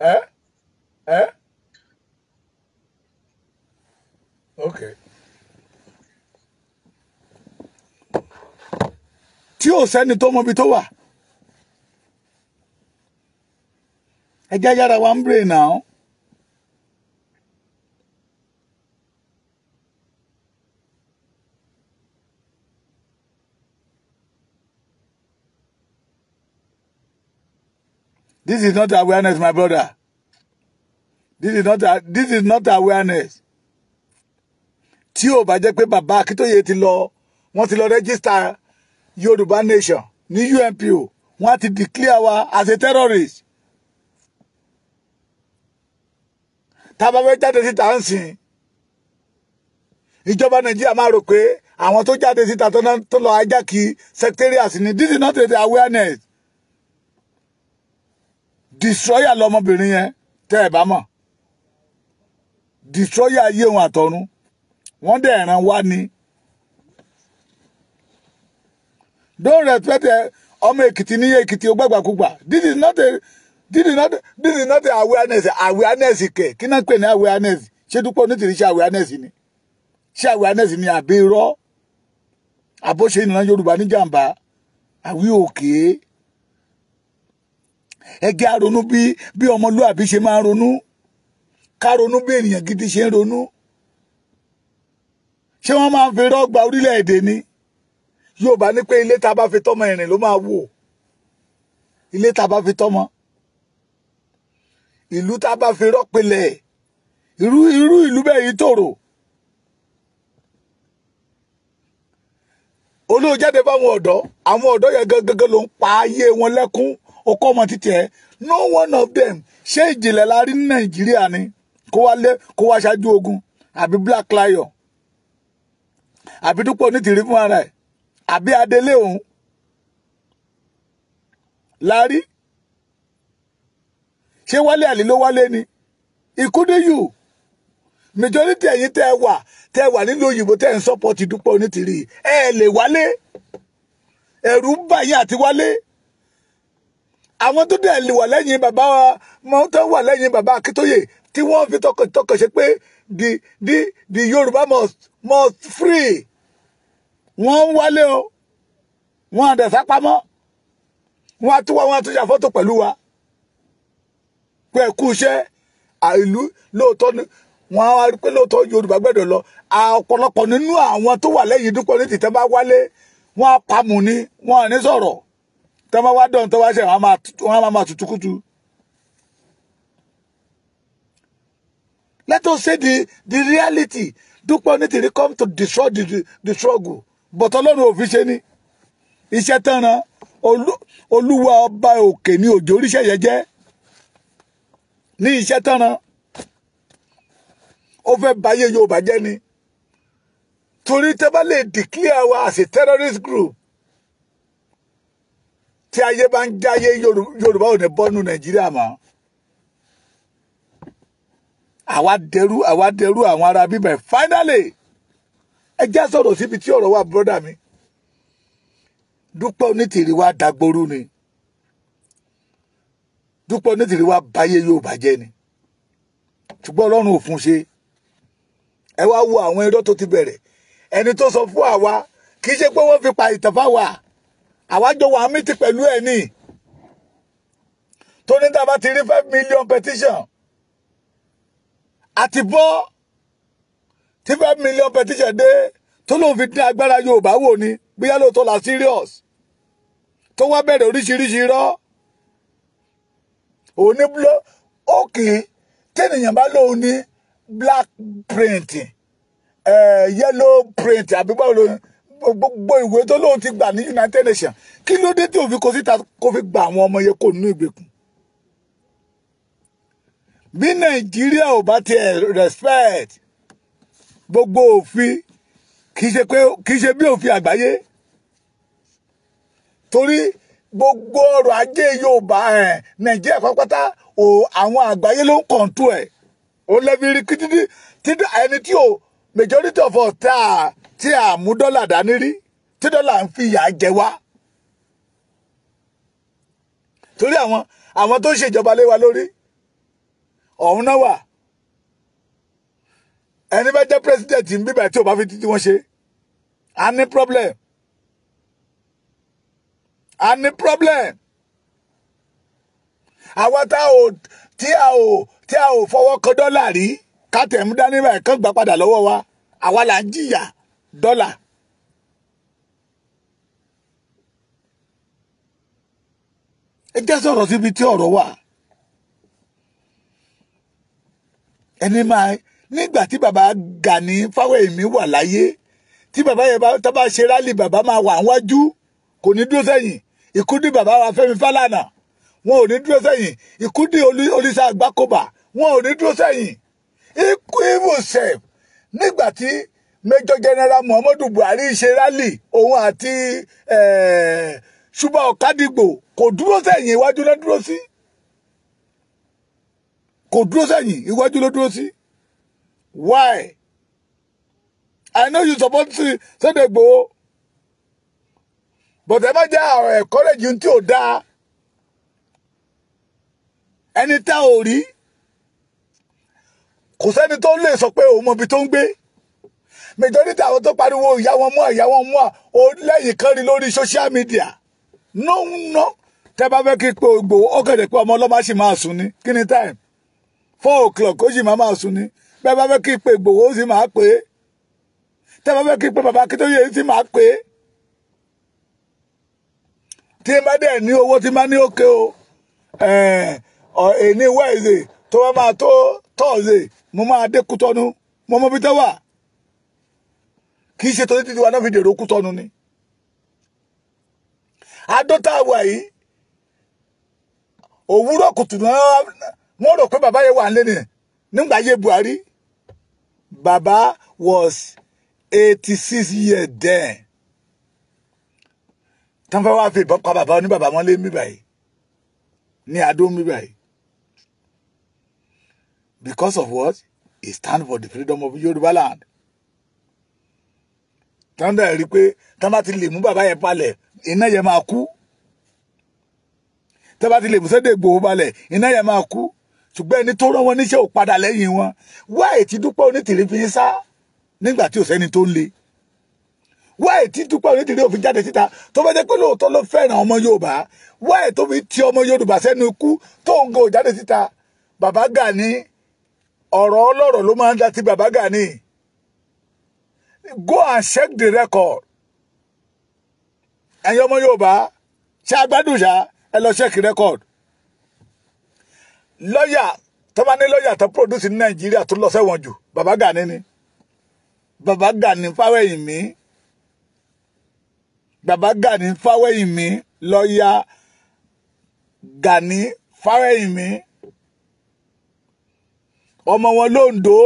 Speaker 1: ẹ eh? ẹ eh? okay. tí ò sẹ́ni tó mọbi tó wà ẹ jẹ́ yára wa ń bèrè náà. This is not awareness, my brother. This is not this is not awareness. Tí ò bá jẹ́ pé bàbá Akíntóyè ti lọ, wọ́n ti lọ rẹ́gísítà yorùbá nation ní UNPO wọ́n ti declare wa as a terrorist tábà fẹ́ jáde síta ń sìn ìjọba nàìjíríà máa rò pé àwọn tó jáde síta tó lọ ajá kí secretariat ni this is not a awareness destroyer lọmọbìnrin yẹn tẹ́ ẹ̀ bá mọ̀ destroyer ayé òun àtọ̀run wọ́n dẹ̀ ràn ni. don't respect eh, ọmọ ekiti ní ekiti ogbàgbàkúgbà this is not a this is not this is not a awareness awareness kẹ kí awareness ni ṣe awareness ni àbí irọ́ àbóṣe ìran yorùbá níjàmbá àwí òkè ẹgẹ àrònú bí bí ọmọlúàbí ṣe máa ronú ká ronú bí ènìyàn gidi ṣe ń ronú ṣé wọ́n máa ń fi gba orílẹ̀-èdè ni Yorùbá ní pé ilé tá a bá fi tọ́mọ ìrìn ló máa wò ilé tá a bá fi tọ́mọ ìlú tá a bá fi rọ́pìlẹ̀ irú irú ìlú bẹ́ẹ̀ yìí tòrò olóòjáde fáwọn ọ̀dọ́ àwọn ọ̀dọ́ yẹn gangan ló ń pa ayé wọn lẹ́kún ọkọ ọmọ títí ẹ no one of them ṣé ìjìnlẹ̀ la rí ní Nàìjíríà ni kó wá lé kó wá ṣáájú ogun àbí Black Lion àbí dúpọ̀ onítìrí fún ara ẹ̀ àbí adelé òun la rí ṣé wálé àlè ló wálé ni ìkúdíyù majority ẹ̀yin tẹ́ ẹ wà tẹ́ ẹ wà nílùú òyìnbó tẹ́ ẹ ń sọ́pọ̀tì Dúpẹ́ Onítìrí ẹ lè wálé ẹ̀rù ń bà yín àti wálé àwọn tó dẹ̀ lè wà lẹ́yìn bàbá wa mọ́ tó wà lẹ́yìn bàbá Akíntóyè tí wọ́n fi tọkàntọkàn ṣe pé the the the Yorùbá must must free wọ́n ń wálé o wọ́n àdẹ̀ sápamọ́ wọ́n á wọ́n á tún pẹ̀lú wa pé ẹ̀kú iṣẹ́ ìlú lóòótọ́ ni wọ́n á rí pé lóòótọ́ Yorùbá gbẹ̀dọ̀ lọ ọ̀pọ̀lọpọ̀ nínú àwọn tó wà lẹ́yìn Dúpẹ́ Onítìrí tẹ́ bá wálé wọ́n á pamù ni wọ́n á sọ̀rọ̀ tẹ́ bá wá dán tẹ́ wá ṣe wọ́n á máa tutukutu. Let us say the the reality Dúpẹ́ Onítìrí come to destroy the the struggle bọ̀tọ́ lọ́run ò fi ṣe ni iṣẹ́ tán ran olúwa ọba òkè ní òjò oríṣẹ́ yẹn jẹ́ ní iṣẹ́ tán ran ó fẹ́ báyé Yorùbá jẹ́ ni torí tẹ́ bá lè declare wa as a terrorist group tí ayé bá ń jáyé Yorùbá ò ní bọ́nu Nàìjíríà mọ́ àwa dẹrú àwa dẹrú àwọn ará bíbẹ̀ finally ẹ já sọ̀rọ̀ síbi tí ọ̀rọ̀ wà bọ́dà mi Dúpẹ́ Onítìrí wa dagboru ni Dúpẹ́ Onítìrí wa báyé yóò bàjẹ́ ni ṣùgbọ́n Ọlọ́run ò fún ṣe ẹ wá wo àwọn irọ́ tó ti bẹ̀rẹ̀ ẹni tó sọ fún àwa kì í ṣe pé wọ́n fi pa ìtàn fáwa àwájọ wà á mìtì pẹ̀lú ẹ̀ ní tó ní tá a bá ti rí five million petition àti bọ́ tí five million petition dé tó lóun fi dín agbára Yorùbá wò ni bóyá lóòótọ́ la serious tó wá bẹ̀rẹ̀ oríṣiríṣi irọ́ òun ní blo òkè tẹ́nìyàn bá lóun ní black print eh, yellow print àbí báwo ló gbogbo ìwé tó lóun ti gbà ní United Nations kí ló dé tí òfin kò síta kó fi gba àwọn ọmọ yẹn kó nínú ìgbèkùn bí Nàìjíríà ò bá tiẹ̀ respect gbogbo òfin kìí ṣe pé kìí ṣe bí òfin àgbáyé torí gbogbo ọrọ̀ ajé Yorùbá ẹ̀ Nàìjíríà kan pátá o àwọn àgbáyé ló ń kọ̀ǹtù ẹ̀ ó lẹ́bi rí títí ẹni tí o majority of us tá a tí a mú dọ́là dání rí tí dọ́là ń fi ìyà jẹ wá torí àwọn àwọn tó ń ṣèjọba lé wa lórí ọ̀hún náà wà ẹni bá jẹ́ president ń bíbẹ̀ tí ò bá fi títí wọ́n ṣe a ní problem a ní problem àwa tá ò tí a ò tí a ò fọwọ́ kan dọ́là rí ká tẹ̀ mú dání báyìí kán gbà padà lọ́wọ́ wa àwa là ń jìyà dọ́là. ẹ jẹ́ sọ̀rọ̀ síbi tí ọ̀rọ̀ wà ẹni máa nígbà tí bàbá Gani Fáwẹ́hìnmí wà láyé tí bàbá yẹn bá tó bá ṣe rálì bàbá máa wà wájú kò ní dúró sẹ́yìn ìkúdí bàbá wa Fẹ́mi Fálànà wọn ò ní dúró sẹ́yìn ìkúdí Olisa Agbákòbá wọn ò ní dúró sẹ́yìn ikú ìwòsàn nígbà tí Major General Muhammadu Buhari ṣe rálì òun àti Ṣùbà Ọ̀kadìgbò kò dúró sẹ́yìn iwájú ló dúró sí kò dúró sẹ́yìn iwájú ló dúró sí. Why? I know you support Sunday Igboho. But ẹ má jẹ́ àwọn encourage yín tí ò dáa. Ẹni tá ò rí. Kò sẹ́ni tó lè sọ pé òun mọ ibi tó ń gbé. Majority àwọn tó pariwo ìyá wọn mú ìyá wọn mú à ó lẹ́yìn kan rí lórí social media. No no tẹ́ bá fẹ́ kí pé Igboho ọkàn rẹ̀ pé ọmọ ọlọ́mọ á sì máa sùn ní kí time four o'clock ó sì máa máa sùn ní. bẹ́ẹ̀ bá fẹ́ kí n pe Ìgbòho máa pè tẹ́ bá fẹ́ kí n bàbá máa tí ẹ bá dẹ̀ ní owó tí ní òkè o ẹ̀ẹ́n ní wẹ́ẹ̀sì tó bá máa tó tọ́ọ̀sì mo máa dé mo mọ bí tẹ́ wà kì í ṣe torí títí wa náà fi Buhari Baba was 86 years then. Tán fẹ́ wá fi baba ni baba oníbàbá mọ́lé mi báyìí. ni Adó mi báyìí. Because of what? He stand for the freedom of Yorùbá land. Tán dẹ̀ rí pé tán bá ti lè mú bàbá yẹn palẹ̀ iná yẹn máa kú. Tán bá ti lè mú Sunday Igboho balẹ̀ iná yẹn máa kú ṣùgbọ́n ẹni tó rán wọn níṣẹ́ ò padà lẹ́yìn wọn wá ètí dúpẹ́ onítìrí fi sá nígbà tí ò sẹ́ni tó ń le wá ètí dúpẹ́ onítìrí òfin jáde síta tó bá jẹ́ pé lóòótọ́ ló fẹ́ràn ọmọ yorùbá wá ètò fi ti ọmọ yorùbá sẹ́nu ikú tó ń go jáde síta bàbá Gani ọ̀rọ̀ ọlọ́rọ̀ ló máa ń dá ti bàbá Gani go and check the record ẹ̀yin ọmọ yorùbá ṣe agbádùn ṣá ẹ lọ check record lọ́yà tó bá ní lọ́yà tó produce ní nàìjíríà tó lọ sẹ́wọ̀n jù bàbá Gani ni bàbá Gani fáwẹ́yìn mi bàbá Gani fáwẹ́yìn mi lọ́yà Gani fáwẹ́yìn mi ọmọ wọn lóńdó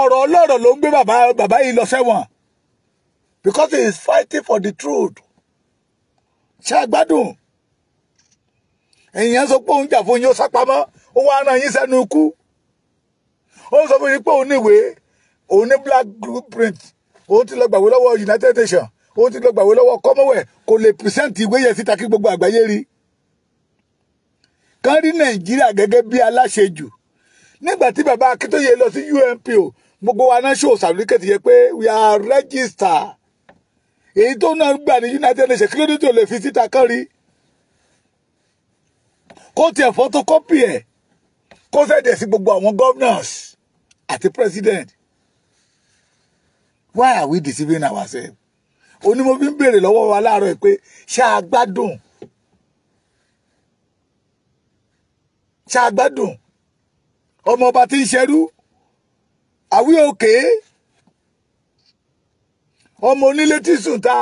Speaker 1: ọ̀rọ̀ ọlọ́rọ̀ ló ń gbé bàbá bàbá yìí lọ sẹ́wọ̀n because he is fighting for the truth ṣe àgbádùn èèyàn sọ pé òun jà fún yín ó sápamọ́ ó wá ran yín sẹ́nu ikú ó sọ fún yín pé òun níwèé òun ní black print, òun ti lọ gbàwé lọ́wọ́ United Nations òun ti lọ gbàwé lọ́wọ́ Commonwealth kò lè present ìwé yẹn síta kí gbogbo àgbáyé rí kàn rí Nàìjíríà gẹ́gẹ́ bí aláṣejù nígbà tí bàbá Akíntóyè lọ sí UNPO gbogbo wa náà ṣòwò sàlùkẹ́tì yẹ pé we are register, èyí tó náà gbà ní United Nations kí ló dé tó lè fi síta kán rí kó tiẹ̀ photocopy ẹ̀ kó sẹ́dẹ̀ sí gbogbo àwọn governors àti president why are we deceiving ourselves onímọ̀bí ń béèrè lọ́wọ́ wa láàárọ̀ ẹ̀ pé ṣá a gbádùn ṣá a gbádùn ọmọ ọba tí ń ṣerú àwí òkè ọmọ onílé tí sùn ta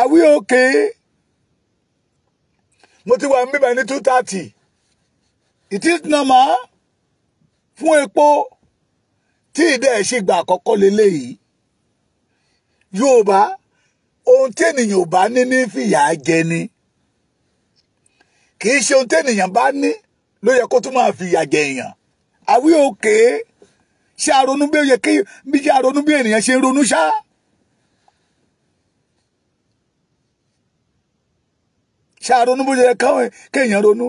Speaker 1: àwí òkè. Okay? mo ti wà ń bíbẹ̀ ní two thirty it is normal fún epo tí ìdẹ́ ẹ̀ ṣe gbà àkọ́kọ́ leléyìí Yorùbá ohun tí ènìyàn ò bá ní ní fìyà jẹ ni kì í ṣe ohun tí ènìyàn bá ní ló yẹ kó tún máa fìyà jẹ èèyàn àwí òkè ṣe àrònú bí ó yẹ kí bí ṣe àrònú bí ènìyàn ṣe ronú ṣáá. ṣàronú bó ṣe yẹ káwọn kéèyàn ronú.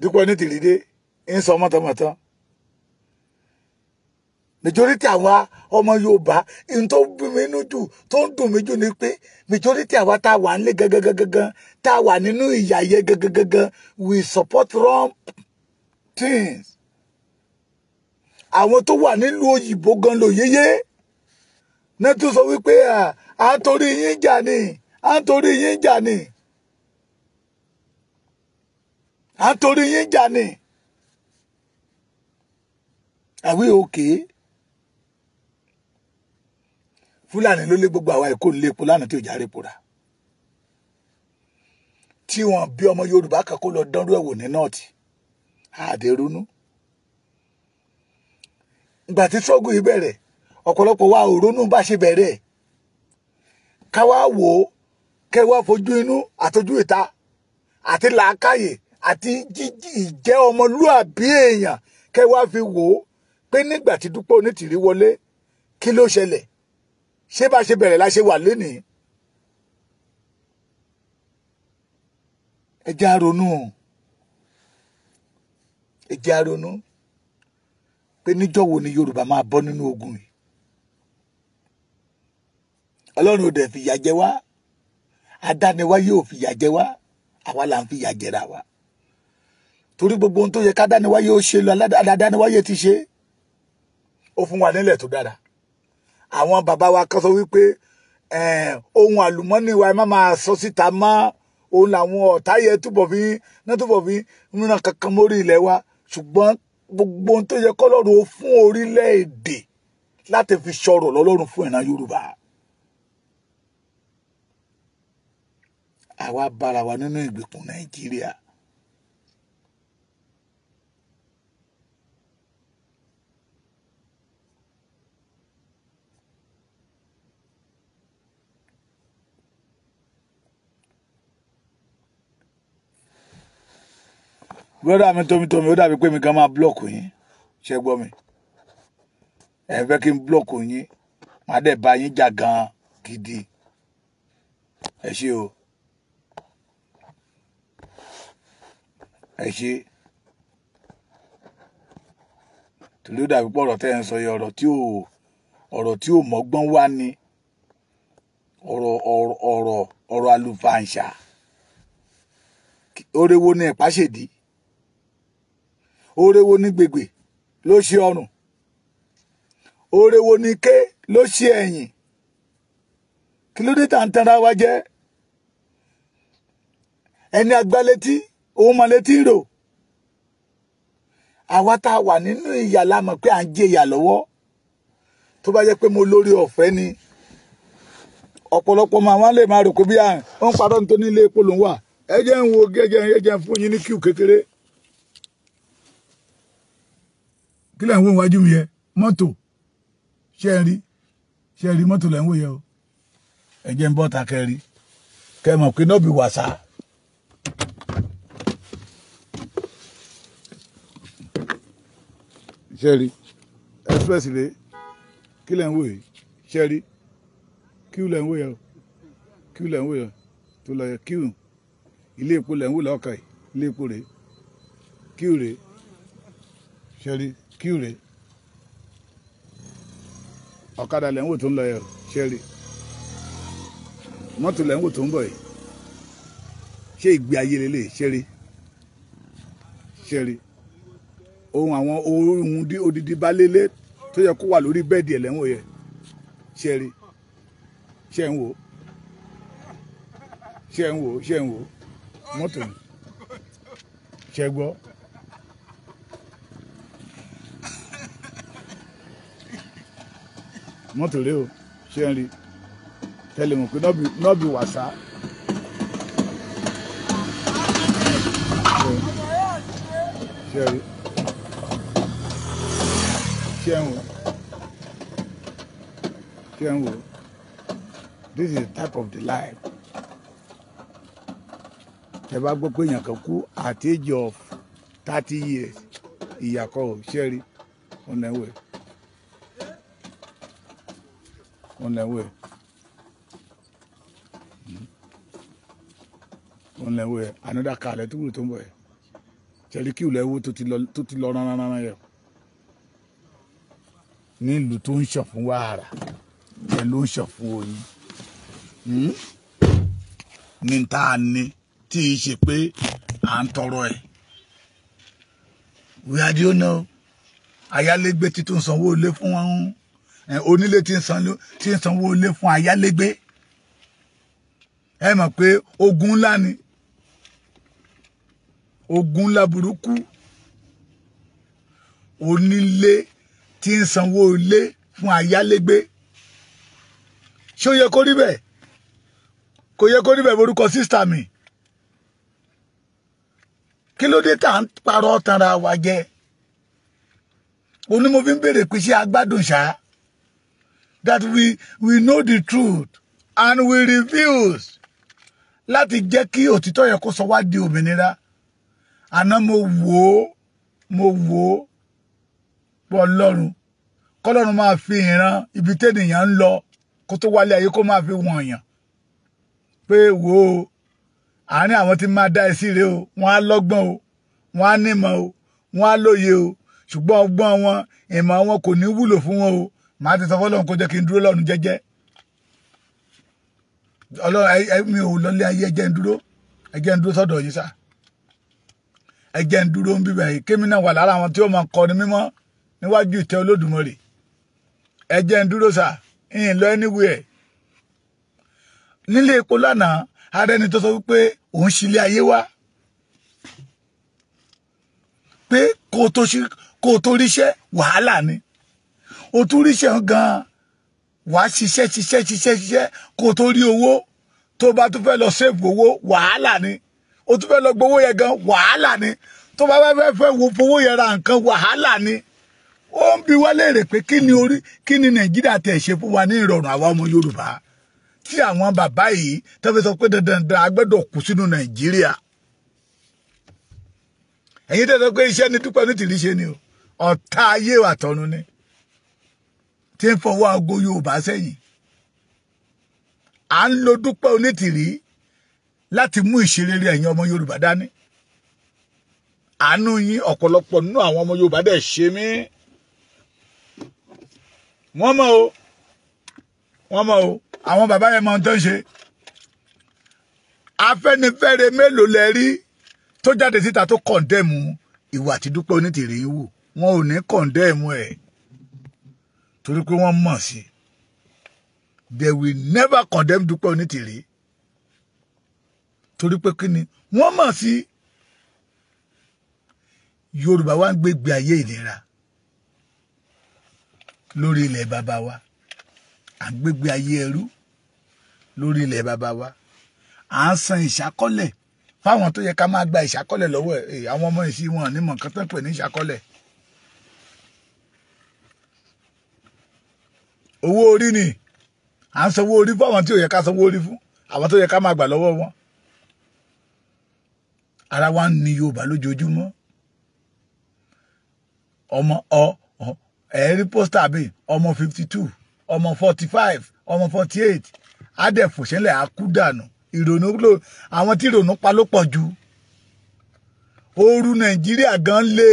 Speaker 1: dúpẹ́ ní tìrìdé ń sọ mọ́tọ́mọ́tọ́ majority àwa ọmọ Yorùbá n tó bí mi inú jù tó ń dùn mí jù ni pé majority àwa tá a wà nílé gangan tá a wà nínú ìyà yẹ gangan we support wrong things àwọn tó wà nílùú òyìnbó gan ló yéyé ní tún sọ wípé à ń torí yín jà ni à ń torí yín jà ni à ń torí yín jà ni àwí òkè fúlàní ló lé gbogbo àwa èkó lépo lánàá tí ò járe pòrà tí wọn bí ọmọ yorùbá kan kó lọ dánrú ẹwò ní nọọtì àdèrúnú ìgbà tí yìí bẹ̀rẹ̀ ọ̀pọ̀lọpọ̀ wa ò ronú bá ṣe bẹ̀rẹ̀ ká wá wò ó kẹ́ wá fojú inú àtojú ìta àti làákàyè àti jíjí ìjẹ́ ọmọlúàbí èèyàn kẹ́ wá fi wò ó pé nígbà tí Dúpẹ́ Onítìrí wọlé kí ló ṣẹlẹ̀ ṣé bá ṣe bẹ̀rẹ̀ la ṣe wà lénìí. ẹ jẹ́ àrònú ẹ jẹ́ àrònú pé níjọ́ wo ni Yorùbá máa bọ́ nínú ogun yìí ọlọ́run ò dẹ̀ fìyà jẹ wá adániwá yóò fìyà jẹ wá àwa là ń fìyà jẹra wa torí gbogbo ohun tó yẹ kádániwá yóò ṣe lọ adániwá yóò ti ṣe ó fún wa nílẹ̀ tó dára àwọn bàbá wa kan sọ wípé ohun àlùmọ́nì wa ẹ má máa sọ síta mọ́ òun làwọn ọ̀tá yẹ túbọ̀ fi náà túbọ̀ fi múná kankan mórí ilẹ̀ wa ṣùgbọ́n gbogbo ohun tó yẹ kọ́lọ́run ó fún orílẹ̀-èdè láti fi sọ̀rọ̀ lọ́lọ́run fún ìran Yorùbá. àwa bára wa nínú ìgbèkùn nàìjíríà. brọ́dà mi tómitómi ó dàbí pé mi kan máa blọ́ọ̀kù yín ṣe gbọ́ mi ẹ fẹ́ kí n blọ́ọ̀kù yín màá dẹ̀ bá yín jà gan gidi ẹ ṣé o. ẹṣe torí ó dàbí pé ọ̀rọ̀ tẹ́ ẹ̀ ń sọ yìí ọ̀rọ̀ tí ò ọ̀rọ̀ tí ò mọ́gbọ́n wá ni ọ̀rọ̀ ọ̀rọ̀ ọ̀rọ̀ àlùfàǹṣà orewo ní ẹ̀pá ṣèdí orewo ní gbègbè ló ṣe ọrùn orewo ní ké ló ṣe ẹ̀yìn kí ló dé tá à wa jẹ́ ẹni agbálétí òun mọ̀ létí rò àwa tá a wà nínú ìyà la mọ̀ pé à ń jẹ ìyà lọ́wọ́ tó bá jẹ́ pé mo lórí ọ̀fẹ́ ni ọ̀pọ̀lọpọ̀ máa wá lè máa rò kó bí àrùn ó ń parọ́ nítorí ilé epo lòún wà ẹ jẹ́ ń wo gẹ́gẹ́ ẹ jẹ́ ń fún yín ní kíù kékeré kí lẹ́ ń wò wájú mi yẹ mọ́tò ṣe ń rí ṣe ń rí mọ́tò lẹ́ ń wò yẹ o ẹ jẹ́ ń bọ́ta kẹ́ rí kẹ́ mọ̀ pé náà bí wàsá. ṣẹ́ẹ̀rí express rèé kí lẹ́ ń wò yìí ṣẹ́ẹ̀rí kíw lẹ́ ń wò yẹn kíw lẹ́ ń wò yẹn tó lọ yẹ kíw ilé epo lẹ́ ń wò lọ́ọ̀ka yìí ilé epo rèé kíw rèé ṣẹ́ẹ̀rí kíw rèé ọ̀kadà lẹ́ ń wò tó ń lọ yẹn ṣẹ́ẹ̀rí mọ́tò lẹ́ ń wò tó ń bọ̀ yìí ṣé ìgbé ayé lélẹ̀ ṣẹ́ẹ̀rí ṣẹ́ẹ̀rí ohun àwọn ohun odidi balélé tó yẹ kó wà lórí bẹ́ẹ̀dì ẹ̀ lẹ́wọ̀n yẹ ṣe rí ṣe ń wò ṣe ń wò ṣe ń wò mọ́tò ṣe gbọ́. mọ́tò rẹ o ṣe ń rí tẹ́lẹ̀ mọ̀ pé nọ́ọ̀bì wàsá. ṣe rí. Tianwu. Tianwu. This is the type of the life. Ẹ bá gbọ́ pé èèyàn kan kú at age of thirty years ìyàkọ̀ òṣèré ọ̀nà ẹ̀wẹ̀. ọ̀nà ẹ̀wẹ̀. ọ̀nà ẹ̀wẹ̀ another car lẹ́tùkùrù tó ń bọ̀ ẹ̀. Cherokee lẹ́wọ́ tó ti lọ rán rán rán yẹn nílùú tó ń ṣọ̀fún wàrà ẹ ló ń ṣọ̀fún oyin hmm? ní tá a ní tí í ṣe pé à ń tọrọ ẹ̀ wíwá di ó ná ayálégbé tí tó sanwó ilé fún wọn onílé tí ń sanwó ilé fún ayálégbé ẹ mọ̀ pé ogun ńlá ni ogun ńlá burúkú onílé tí ń sanwó ilé fún ayálégbé ṣé ó yẹ kó rí bẹ́ẹ̀ kò yẹ kó rí bẹ́ẹ̀ borúkọ sísítà mi kí ló dé tá ń parọ́ tanra wa jẹ oní mo fi ń béèrè pé ṣé agbádùn ṣá that we we know the truth and we refuse láti jẹ́ kí òtítọ́ yẹn kó sọ wá di òmìnira àná mo wò ó mo wò ó pọ̀ ọlọ́run kọ́lọ́run máa fi ìran ibi tẹ́nìyàn ń lọ kó tó wálé ayé kó máa fi wọ̀n yàn pé wò ó àárín àwọn tí máa dá ẹ sí rèé o wọ́n á lọ́gbọ́n o wọ́n á nímọ̀ o wọ́n á lóye o ṣùgbọ́n ọgbọ́n wọn ìmọ̀ wọn kò ní wúlò fún wọn o màá ti sọ fọ́lọ́run kó jẹ́ kí n dúró lọ́run jẹ́jẹ́ ọlọ́run mi ò lọlé ayé ẹjẹ́ ń dúró ẹjẹ́ ń dúró sọ́dọ̀ yìí sá ẹjẹ́ ń dúró ń bíbẹ̀ yìí kémi náà wà lára àwọn tí ó máa kọ́ ni mímọ́ níwájú ìtẹ́ olódùmarè ẹ jẹ́ ń dúró sà ń lọ anywhere nílé epo lánàá arẹni tó sọ wípé òun ṣílé ayé wá pé kò tó ríṣẹ́ wàhálà ni o tún ríṣẹ́ gan-an wàá ṣiṣẹ́ ṣiṣẹ́ ṣiṣẹ́ ṣiṣẹ́ kò tó rí owó tó bá tún fẹ́ lọ sèpù owó wàhálà ni o tún fẹ́ lọ gbowó yẹn gan wàhálà ni tó bá fẹ́ fẹ́ wo fowó yẹn ra nǹkan wàhálà ni ó ń bi wá léèrè pé kí ni orí kí ni nàìjíríà tẹ̀ ṣe fún wa ní ìrọ̀rùn àwa ọmọ yorùbá tí àwọn bàbá yìí tó fi sọ pé dandan a gbọ́dọ̀ kú sínú nàìjíríà ẹ̀yin tẹ̀ sọ pé iṣẹ́ ni dúpẹ́ ní tìrí ṣe ni o ọ̀tá ayé àtọ̀run ni tí ń fọwọ́ ago yorùbá sẹ́yìn à ń lo dúpẹ́ onítìrí láti mú ìṣerere ẹ̀yin ọmọ yorùbá dání àánú yín ọ̀pọ̀lọpọ̀ nínú àwọn ọmọ yorùbá dẹ̀ ṣe mí wọ́n mọ̀ o wọ́n mọ̀ o àwọn bàbá yẹn mọ ohun tó ń ṣe afẹ́nifẹ́re mélòó lẹ rí tó jáde síta tó kọ̀ǹdẹ́mù ìwà àti Dúpẹ́ Onítìrí ń wò wọn ò ní kọ̀ǹdẹ́mù ẹ̀ torí pé wọ́n mọ̀ sí they will never condemn Dúpẹ́ Onítìrí torí pé kí ni wọ́n mọ̀ sí Yorùbá wa ń gbégbé ayé ìlera lórí ilẹ̀ bàbá wa à ń gbégbé ayé ẹrú lórí ilẹ̀ bàbá wa à ń san ìṣákọ́lẹ̀ fáwọn tó yẹ ká máa gba ìṣákọ́lẹ̀ lọ́wọ́ ẹ̀ àwọn ọmọ ìṣí wọn ní mọ̀ọ́kán tó ń pè ní ìṣákọ́lẹ̀. owó orí ni à ń sanwó orí fún àwọn tí ò yẹ ká sanwó orí fún àwọn tó yẹ ká máa gbà lọ́wọ́ wọn. ara wa ń ni Yorùbá lójoojúmọ́ ọmọ ọ ẹ̀rí pósítà bíi ọmọ fifty two ọmọ forty five ọmọ forty eight adẹ̀fòṣẹ́lẹ̀ akúdànù ìrònú àwọn tí ìrònú pa ló pọ̀ jù ooru nàìjíríà gan lé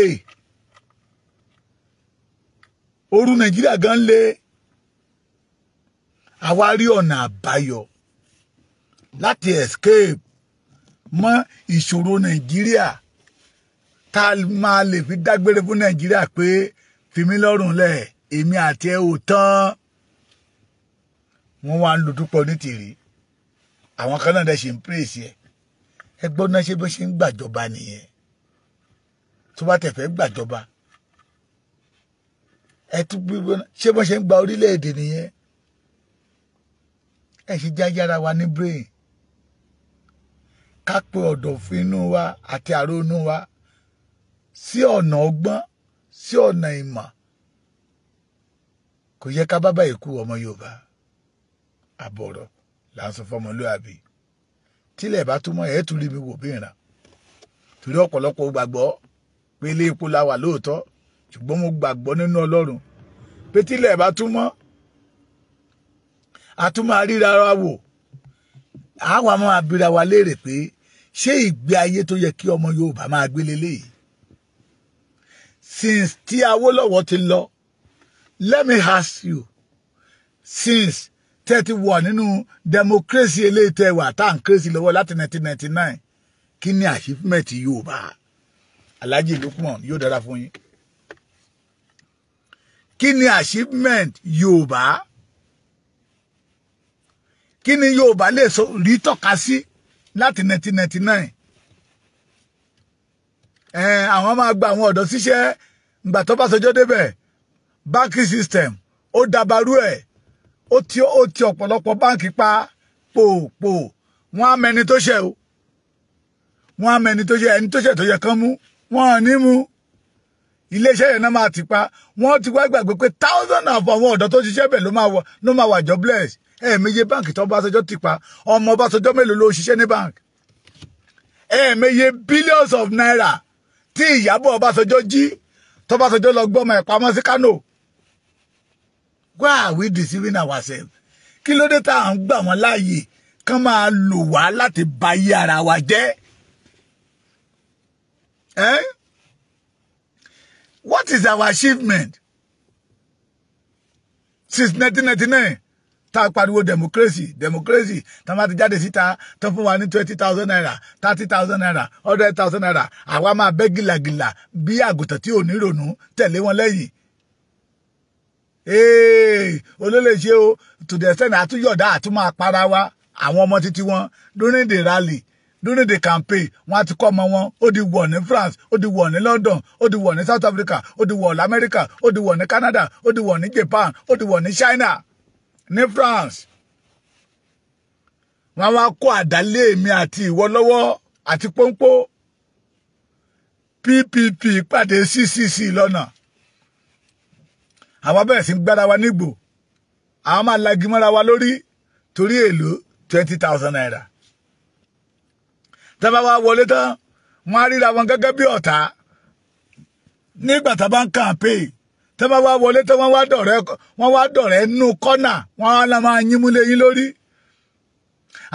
Speaker 1: ooru nàìjíríà gan lé àwa rí ọ̀nà àbáyọ láti escape mọ́ ìṣòro nàìjíríà tá a máa lè fi dágbére fún nàìjíríà pé fi mí lọ́rùn lẹ̀ èmi àti ẹ ò tán wọ́n wá ń lo dúpọ̀ ní tìrì àwọn kan náà dẹ̀ ṣe ń pírèsì ẹ̀ ẹ gbọ́ náà ṣe bó ṣe ń gbàjọba nìyẹn tó bá tẹ̀fẹ́ gbàjọba ẹ tún gbígbó ṣé bó ṣe ń gba orílẹ̀ nìyẹn ẹ ṣe jájára wa ní brain ká pe ọ̀dọ̀fínú wa àti àrónú wa sí ọ̀nà ọgbọ́n sí ọ̀nà ìmọ̀ kò yẹ ká bábà ikú ọmọ Yorùbá àbọ̀rọ̀ là ń sọ fọmọlúàbí tílẹ̀ bá túmọ̀ ẹ̀ tún rí mi wò bí ìran torí ọ̀pọ̀lọpọ̀ gbàgbọ́ pé ilé epo la wà lóòótọ́ ṣùgbọ́n mo gbàgbọ́ nínú Ọlọ́run pé tílẹ̀ bá túmọ̀ àtúmọ̀ àríra wa wò àwa máa bira wa léèrè pé ṣé ìgbé ayé tó yẹ kí ọmọ Yorùbá máa gbé leléyìí since ti Awólọ́wọ̀ ti lọ let me ask you since thirty-one, wà nínú democracy eléyìí tẹ́ wà tá à ń kérésì lọ́wọ́ láti nine kí ni achievement Yorùbá Alhaji Lukman yóò dára fún yín kí ni achievement Yorùbá kí ni Yorùbá lè sọ rí tọ́ka sí láti 1999 Eh, àwọn máa gba àwọn ọ̀dọ́ síṣẹ́ ìgbà tó bá sọjọ́ débẹ̀ banking system ó dabarú ẹ̀ ó ti ó ti ọ̀pọ̀lọpọ̀ báǹkì pa pòpò wọ́n á mẹni tó ṣẹ̀ o wọ́n á mẹni tó ṣẹ̀ ẹni tó ṣẹ̀ tó yẹ kán mú wọ́n á ní mú iléeṣẹ́ yẹn náà máa ti pa wọ́n ti wá gbàgbé pé thousand of àwọn ọ̀dọ́ tó ṣiṣẹ́ bẹ̀ ló máa wà ló máa wà jobless ẹ̀ẹ̀mẹyẹ báǹkì tó Ọbásanjọ́ ti pa ọmọ Ọbásanjọ́ mélòó ló ṣiṣẹ́ ní báǹkì ẹ̀ẹ̀mẹyẹ billions of naira tí Ìyábọ̀ Ọbásanjọ́ jí tọ́básanjọ́ lọ gbọ́mọ ẹ̀ pamọ́ sí Kánò why are we deceiving ourselves kí ló dé tá à ń gbà wọ́n láàyè kán máa lò wá láti bayé ara wa jẹ́ eh? what is our achievement since 1999 tá a pariwo democracy democracy tá a máa ti jáde síta tó fún wa ní twenty thousand naira thirty thousand naira hundred thousand naira àwa máa bẹ́ gìlàgìlà bí àgùntàn tí ò ní ronú tẹ̀lé wọn lẹ́yìn. olóléṣe o to the extent àtúnyọ̀dá àtúmọ̀ àpárá wa àwọn ọmọ títí wọn during the rally during the campaign wọn á ti kọ́ ọmọ wọn ó di wọ̀ ní France ó di wọ̀ ní London ó di wọ̀ ní South Africa ó di wọ̀ ní America ó di wọ̀ ní Canada ó di wọ̀ ní Japan ó di wọ̀ ní China ní France wọn wá kó àdálé mi àti ìwọ lọ́wọ́ àti pọ́npó PPP pàdé CCC lọ́nà àwọn bẹ̀rẹ̀ sí gbára wa nígbò àwọn máa lagi mọ́ra wa lórí torí èlò twenty thousand naira tábà wá wọlé tán wọn á ríra wọn gẹ́gẹ́ bí ọ̀tá nígbà tá a bá ń kàmpéè tẹ́ bá wá wọlé tẹ́ wọ́n wá dọ̀rẹ́ wọ́n wá dọ̀rẹ́ nú kọ́nà wọ́n á máa yín yín lórí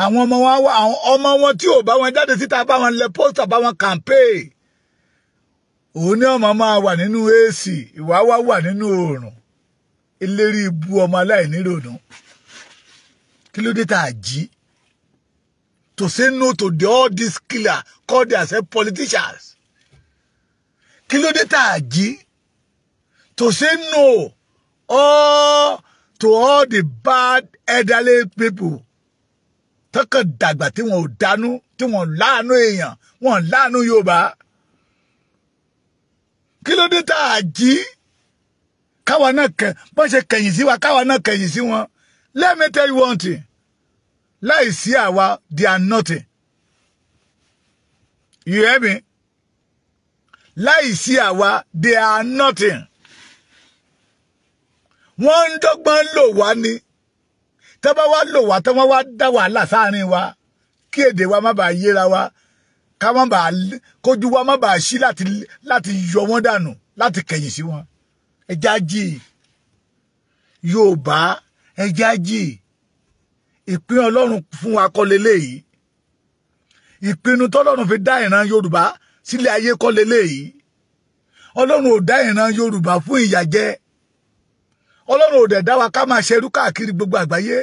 Speaker 1: àwọn ọmọ wọn wá àwọn ọmọ wọn tí ò bá wọn jáde síta bá wọn lẹ pósítà bá wọn kàmpéè òun ní ọmọ máa wà nínú èsì ìwà wá wà nínú oòrùn eléré ibu ọmọ aláìníròdù kí ló dé tá a jí to say no to the, all these killers called themselves politicians kí ló dé tá a jí to say no all to all the bad elderly people tọkàn dàgbà tí wọn ò dánú tí wọn láàánú èèyàn wọn láàánú Yorùbá kí ló dé tá a jí káwa náà kẹ bọ́n ṣe kẹ̀yìn sí wa káwa náà kẹ̀yìn sí wọn let me tell you one thing láì sí àwa they are nothing you hear me láì sí àwa they are nothing wọ́n ń dọ́gbọ́n lò wá ni tẹ́ bá wá lò wá tẹ́ wọ́n dá wàhálà sáàrin wa kí èdè wa má bàa yéra wa ká má bàa kójú wa má bàa ṣí láti láti yọ wọ́n dànù láti kẹ̀yìn sí wọn ẹja jì Yorùbá ẹja jì ìpín Ọlọ́run fún wa kọ́ leléyìí ìpinnu tọ́lọ́run fi dá ìran Yorùbá sílẹ̀ ayé kọ́ leléyìí Ọlọ́run ò dá ìran Yorùbá fún ìyà ọlọ́run ò dẹ̀ wa ká máa ṣerú káàkiri gbogbo àgbáyé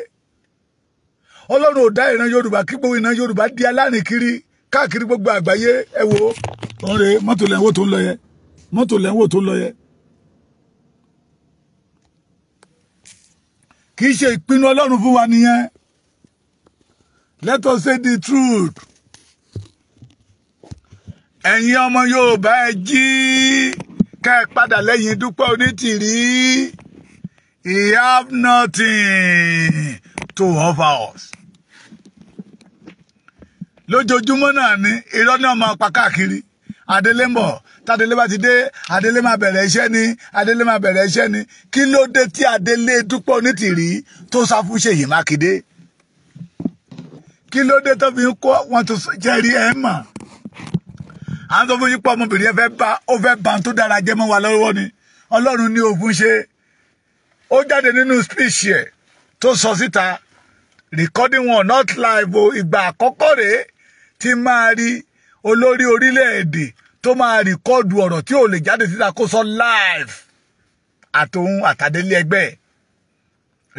Speaker 1: ọlọ́run ò dá ìran yorùbá kí gbogbo ìran yorùbá di alárìn káàkiri gbogbo àgbáyé ẹ wo òun rè lẹ́wọ́ tó ń lọ yẹ mọ́tò lẹ́wọ́ tó ń lọ yẹ. kì í ṣe ìpinnu ọlọ́run fún wa nìyẹn let us say the truth ẹ̀yin ọmọ yorùbá ẹ jí kẹ́ ẹ padà lẹ́yìn dúpẹ́ onítìrí. He have nothing to offer us. Lójoojúmọ́ náà ni irọ́ náà máa pa káàkiri. Adélé ń bọ̀, tádélé bá ti dé, Adélé máa bẹ̀rẹ̀ iṣẹ́ ni, Adélé máa bẹ̀rẹ̀ iṣẹ́ ni. Kí ló dé tí Adélé Dúpẹ́ Onítìrí tó sá fún Ṣèyí Mákindé? Kí ló dé tó fi ń kó wọn tó jẹ́rí ẹ̀ mọ̀? À ń sọ fún yín pé ọmọbìnrin ẹ fẹ́ bá ó fẹ́ bá tó dára jẹ́ mọ́ wa lọ́wọ́ ni. Ọlọ́run ní òfin ṣe ó jáde nínú speech ẹ̀ tó sọ síta recording one not live o ìgbà àkọ́kọ́ rèé tí máa rí olórí orílẹ̀-èdè tó máa rìkọ́ọ̀dù ọ̀rọ̀ tí ò lè jáde síta kó sọ live àtòun àtàdélé ẹgbẹ́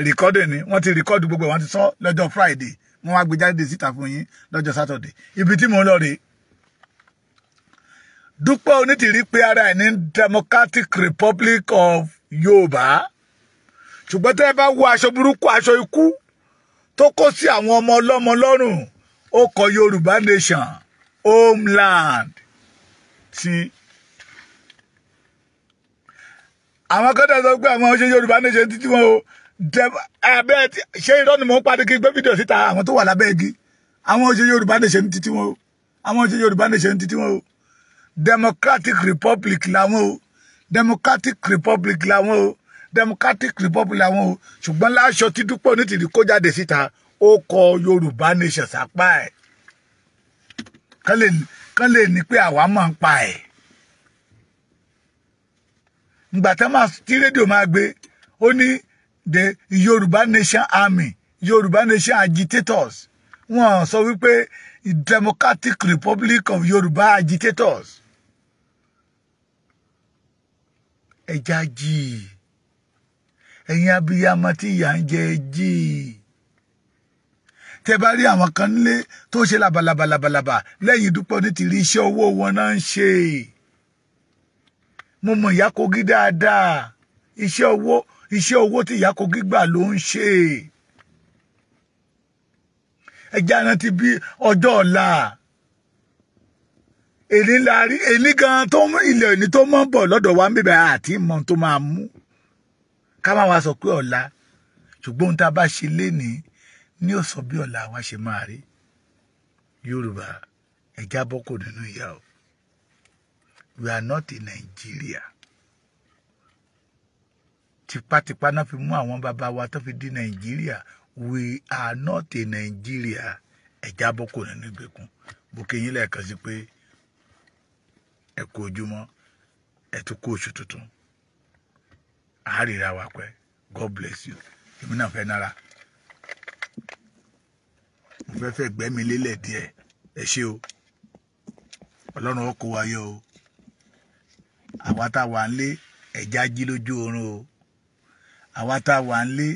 Speaker 1: recording ni wọ́n ti rìkọ́ọ̀dù gbogbo wọn ti sọ lọ́jọ́ Friday wọ́n wá gbé jáde síta fún yín lọ́jọ́ Saturday ibi tí mò ń lọ rèé Dúpẹ́ Onítìrí pé ara ẹ̀ ní Democratic Republic of Yorùbá ṣùgbọ́n tẹ́ ẹ bá wọ aṣọ burúkú aṣọ ikú tó kó sí àwọn ọmọ ọlọ́mọ lọ́rùn ó kọ Yorùbá nation homeland ti àwọn akọ́dà sọ pé àwọn ọṣẹ Yorùbá nation títí wọn o abẹ́ ṣé irọ́ ni mò ń parí kí n gbé fídíò síta àwọn tó wà lábẹ́ igi àwọn ọṣẹ Yorùbá nation títí wọn o àwọn ọṣẹ Yorùbá nation títí wọn o Democratic Republic làwọn o Democratic Republic làwọn o democratic republic làwọn o ṣùgbọ́n láṣọ tí Dúpẹ́ Onítìrí kó jáde síta ó kọ Yorùbá nation sápá ẹ̀ kán lè ní pé àwa máa ń pa ẹ̀ ngbà tí rédíò máa gbé ó ní the Yorùbá nation army Yorùbá nation agitators wọ́n sọ wípé democratic republic of Yorùbá agitators ẹja jìí ẹ̀yin abiyamọ tí ìyà ń jẹ jí tẹ bá rí àwọn kan nílé tó ṣe labalabalabalaba lẹ́yìn dúpọ ní ti rí iṣẹ́ owó wọn náà ń ṣe mo mọ ìyá kogi dáadáa iṣẹ́ owó iṣẹ́ owó tí ìyá kogi gbà ló ń ṣe ẹjá rántí bí ọjọ́ ọ̀la èní la gan tó ilẹ̀ òní tó mọ̀ bọ̀ lọ́dọ̀ wa ń bèbè àti mọ̀ tó máa mú ká má wá sọ pé ọ̀la ṣùgbọ́n ohun tá a bá ṣe lénìí ní ó bí ọ̀la wa ṣe máa rí yorùbá ẹja bọ́kò nínú ìyá o we are not in Nigeria tipátipá náà fi mú àwọn bàbá wa tó fi di Nàìjíríà we are not in Nigeria ẹja bọ́kò nínú ìgbèkùn bókeyín lẹ́ẹ̀kan sí pé ẹ ojúmọ́ ẹ tún oṣù tuntun. àárẹ̀ra wa pẹ́ God bless you emi náà fẹ́ nara, mo fẹ́ fẹ́ gbẹ́mi lélẹ̀ díẹ̀ ẹ ṣé o ọlọ́run ọkọ̀ wáyé o àwa tá a wà ń lé ẹ̀já jí lójú oorun o àwa tá a wà ń lé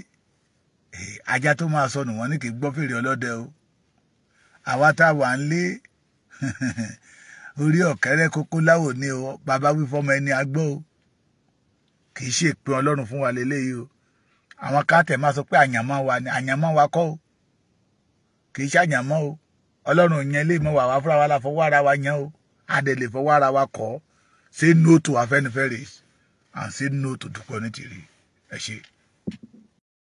Speaker 1: ajá tó máa sọnù wọn ní kì í gbọ́ fèrè ọlọ́dẹ o àwa tá a wà ń lé orí ọ̀kẹ́rẹ́ kókó láwò ní o bàbá wí fọ́mọ ẹni agbọ́ o kì í ṣe pé ọlọ́run fún wa lélẹ́yìí o àwọn káàtẹ̀ máa sọ pé àyànmọ́ wa ni àyànmọ́ wa kọ́ o kì í ṣe àyànmọ́ o ọlọ́run yẹn lè mọ wàá fúnra wa la fọwọ́ ara wa yẹn o adẹ̀ lè fọwọ́ ara wa kọ́ say no to Afẹ́nifẹ́re and say no to Dúpẹ́ Onítìrí ẹ ṣe.